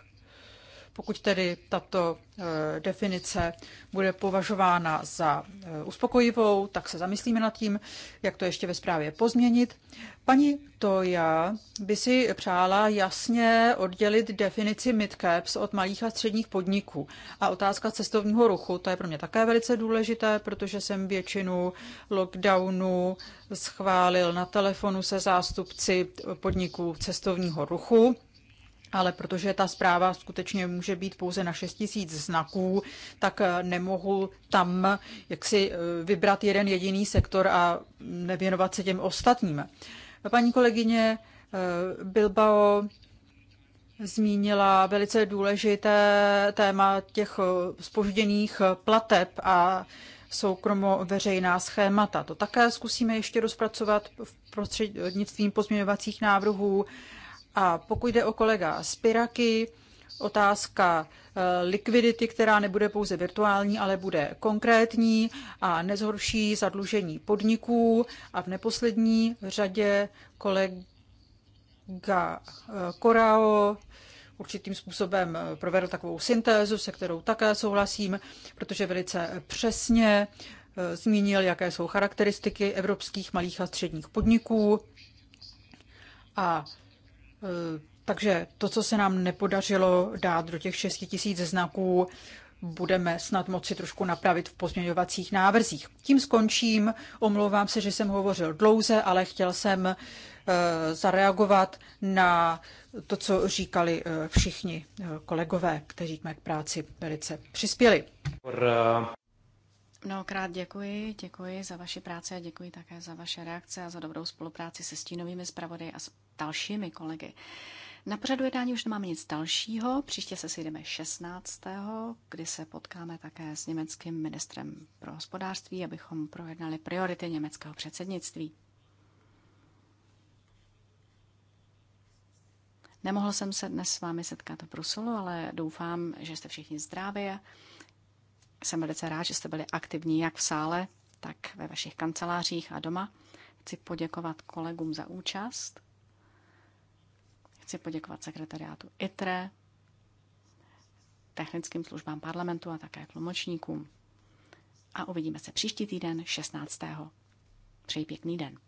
pokud tedy tato eh, definice bude považována za eh, uspokojivou, tak se zamyslíme nad tím, jak to ještě ve zprávě pozměnit. Paní Toja by si přála jasně oddělit definici midcaps od malých a středních podniků. A otázka cestovního ruchu, to je pro mě také velice důležité, protože jsem většinu lockdownu schválil na telefonu se zástupci podniků cestovního ruchu ale protože ta zpráva skutečně může být pouze na 6 tisíc znaků, tak eh, nemohu tam jaksi eh, vybrat jeden jediný sektor a nevěnovat se těm ostatním. Paní kolegyně eh, Bilbao zmínila velice důležité téma těch spožděných plateb a soukromo-veřejná schémata. To také zkusíme ještě rozpracovat v prostřednictvím pozměňovacích návrhů a pokud jde o kolega Spiraky, otázka eh, likvidity, která nebude pouze virtuální, ale bude konkrétní a nezhorší zadlužení podniků. A v neposlední řadě kolega eh, Korao určitým způsobem eh, provedl takovou syntézu, se kterou také souhlasím, protože velice přesně zmínil, jaké jsou charakteristiky evropských malých a středních podniků. A Eh, takže to, co se nám nepodařilo dát do těch 6 tisíc znaků, budeme snad moci trošku napravit v pozměňovacích návrzích. Tím skončím. Omlouvám se, že jsem hovořil dlouze, ale chtěl jsem eh, zareagovat na to, co říkali eh, všichni kolegové, kteří k mé práci velice přispěli. Mnohokrát děkuji, děkuji za vaši práci a děkuji také za vaše reakce a za dobrou spolupráci se stínovými zpravody a s dalšími kolegy. Na pořadu jednání už nemáme nic dalšího. Příště se sejdeme 16., kdy se potkáme také s německým ministrem pro hospodářství, abychom projednali priority německého předsednictví. Nemohl jsem se dnes s vámi setkat v Bruselu, ale doufám, že jste všichni zdraví jsem velice rád, že jste byli aktivní jak v sále, tak ve vašich kancelářích a doma. Chci poděkovat kolegům za účast. Chci poděkovat sekretariátu ITRE, technickým službám parlamentu a také tlumočníkům. A uvidíme se příští týden 16. Přeji pěkný den.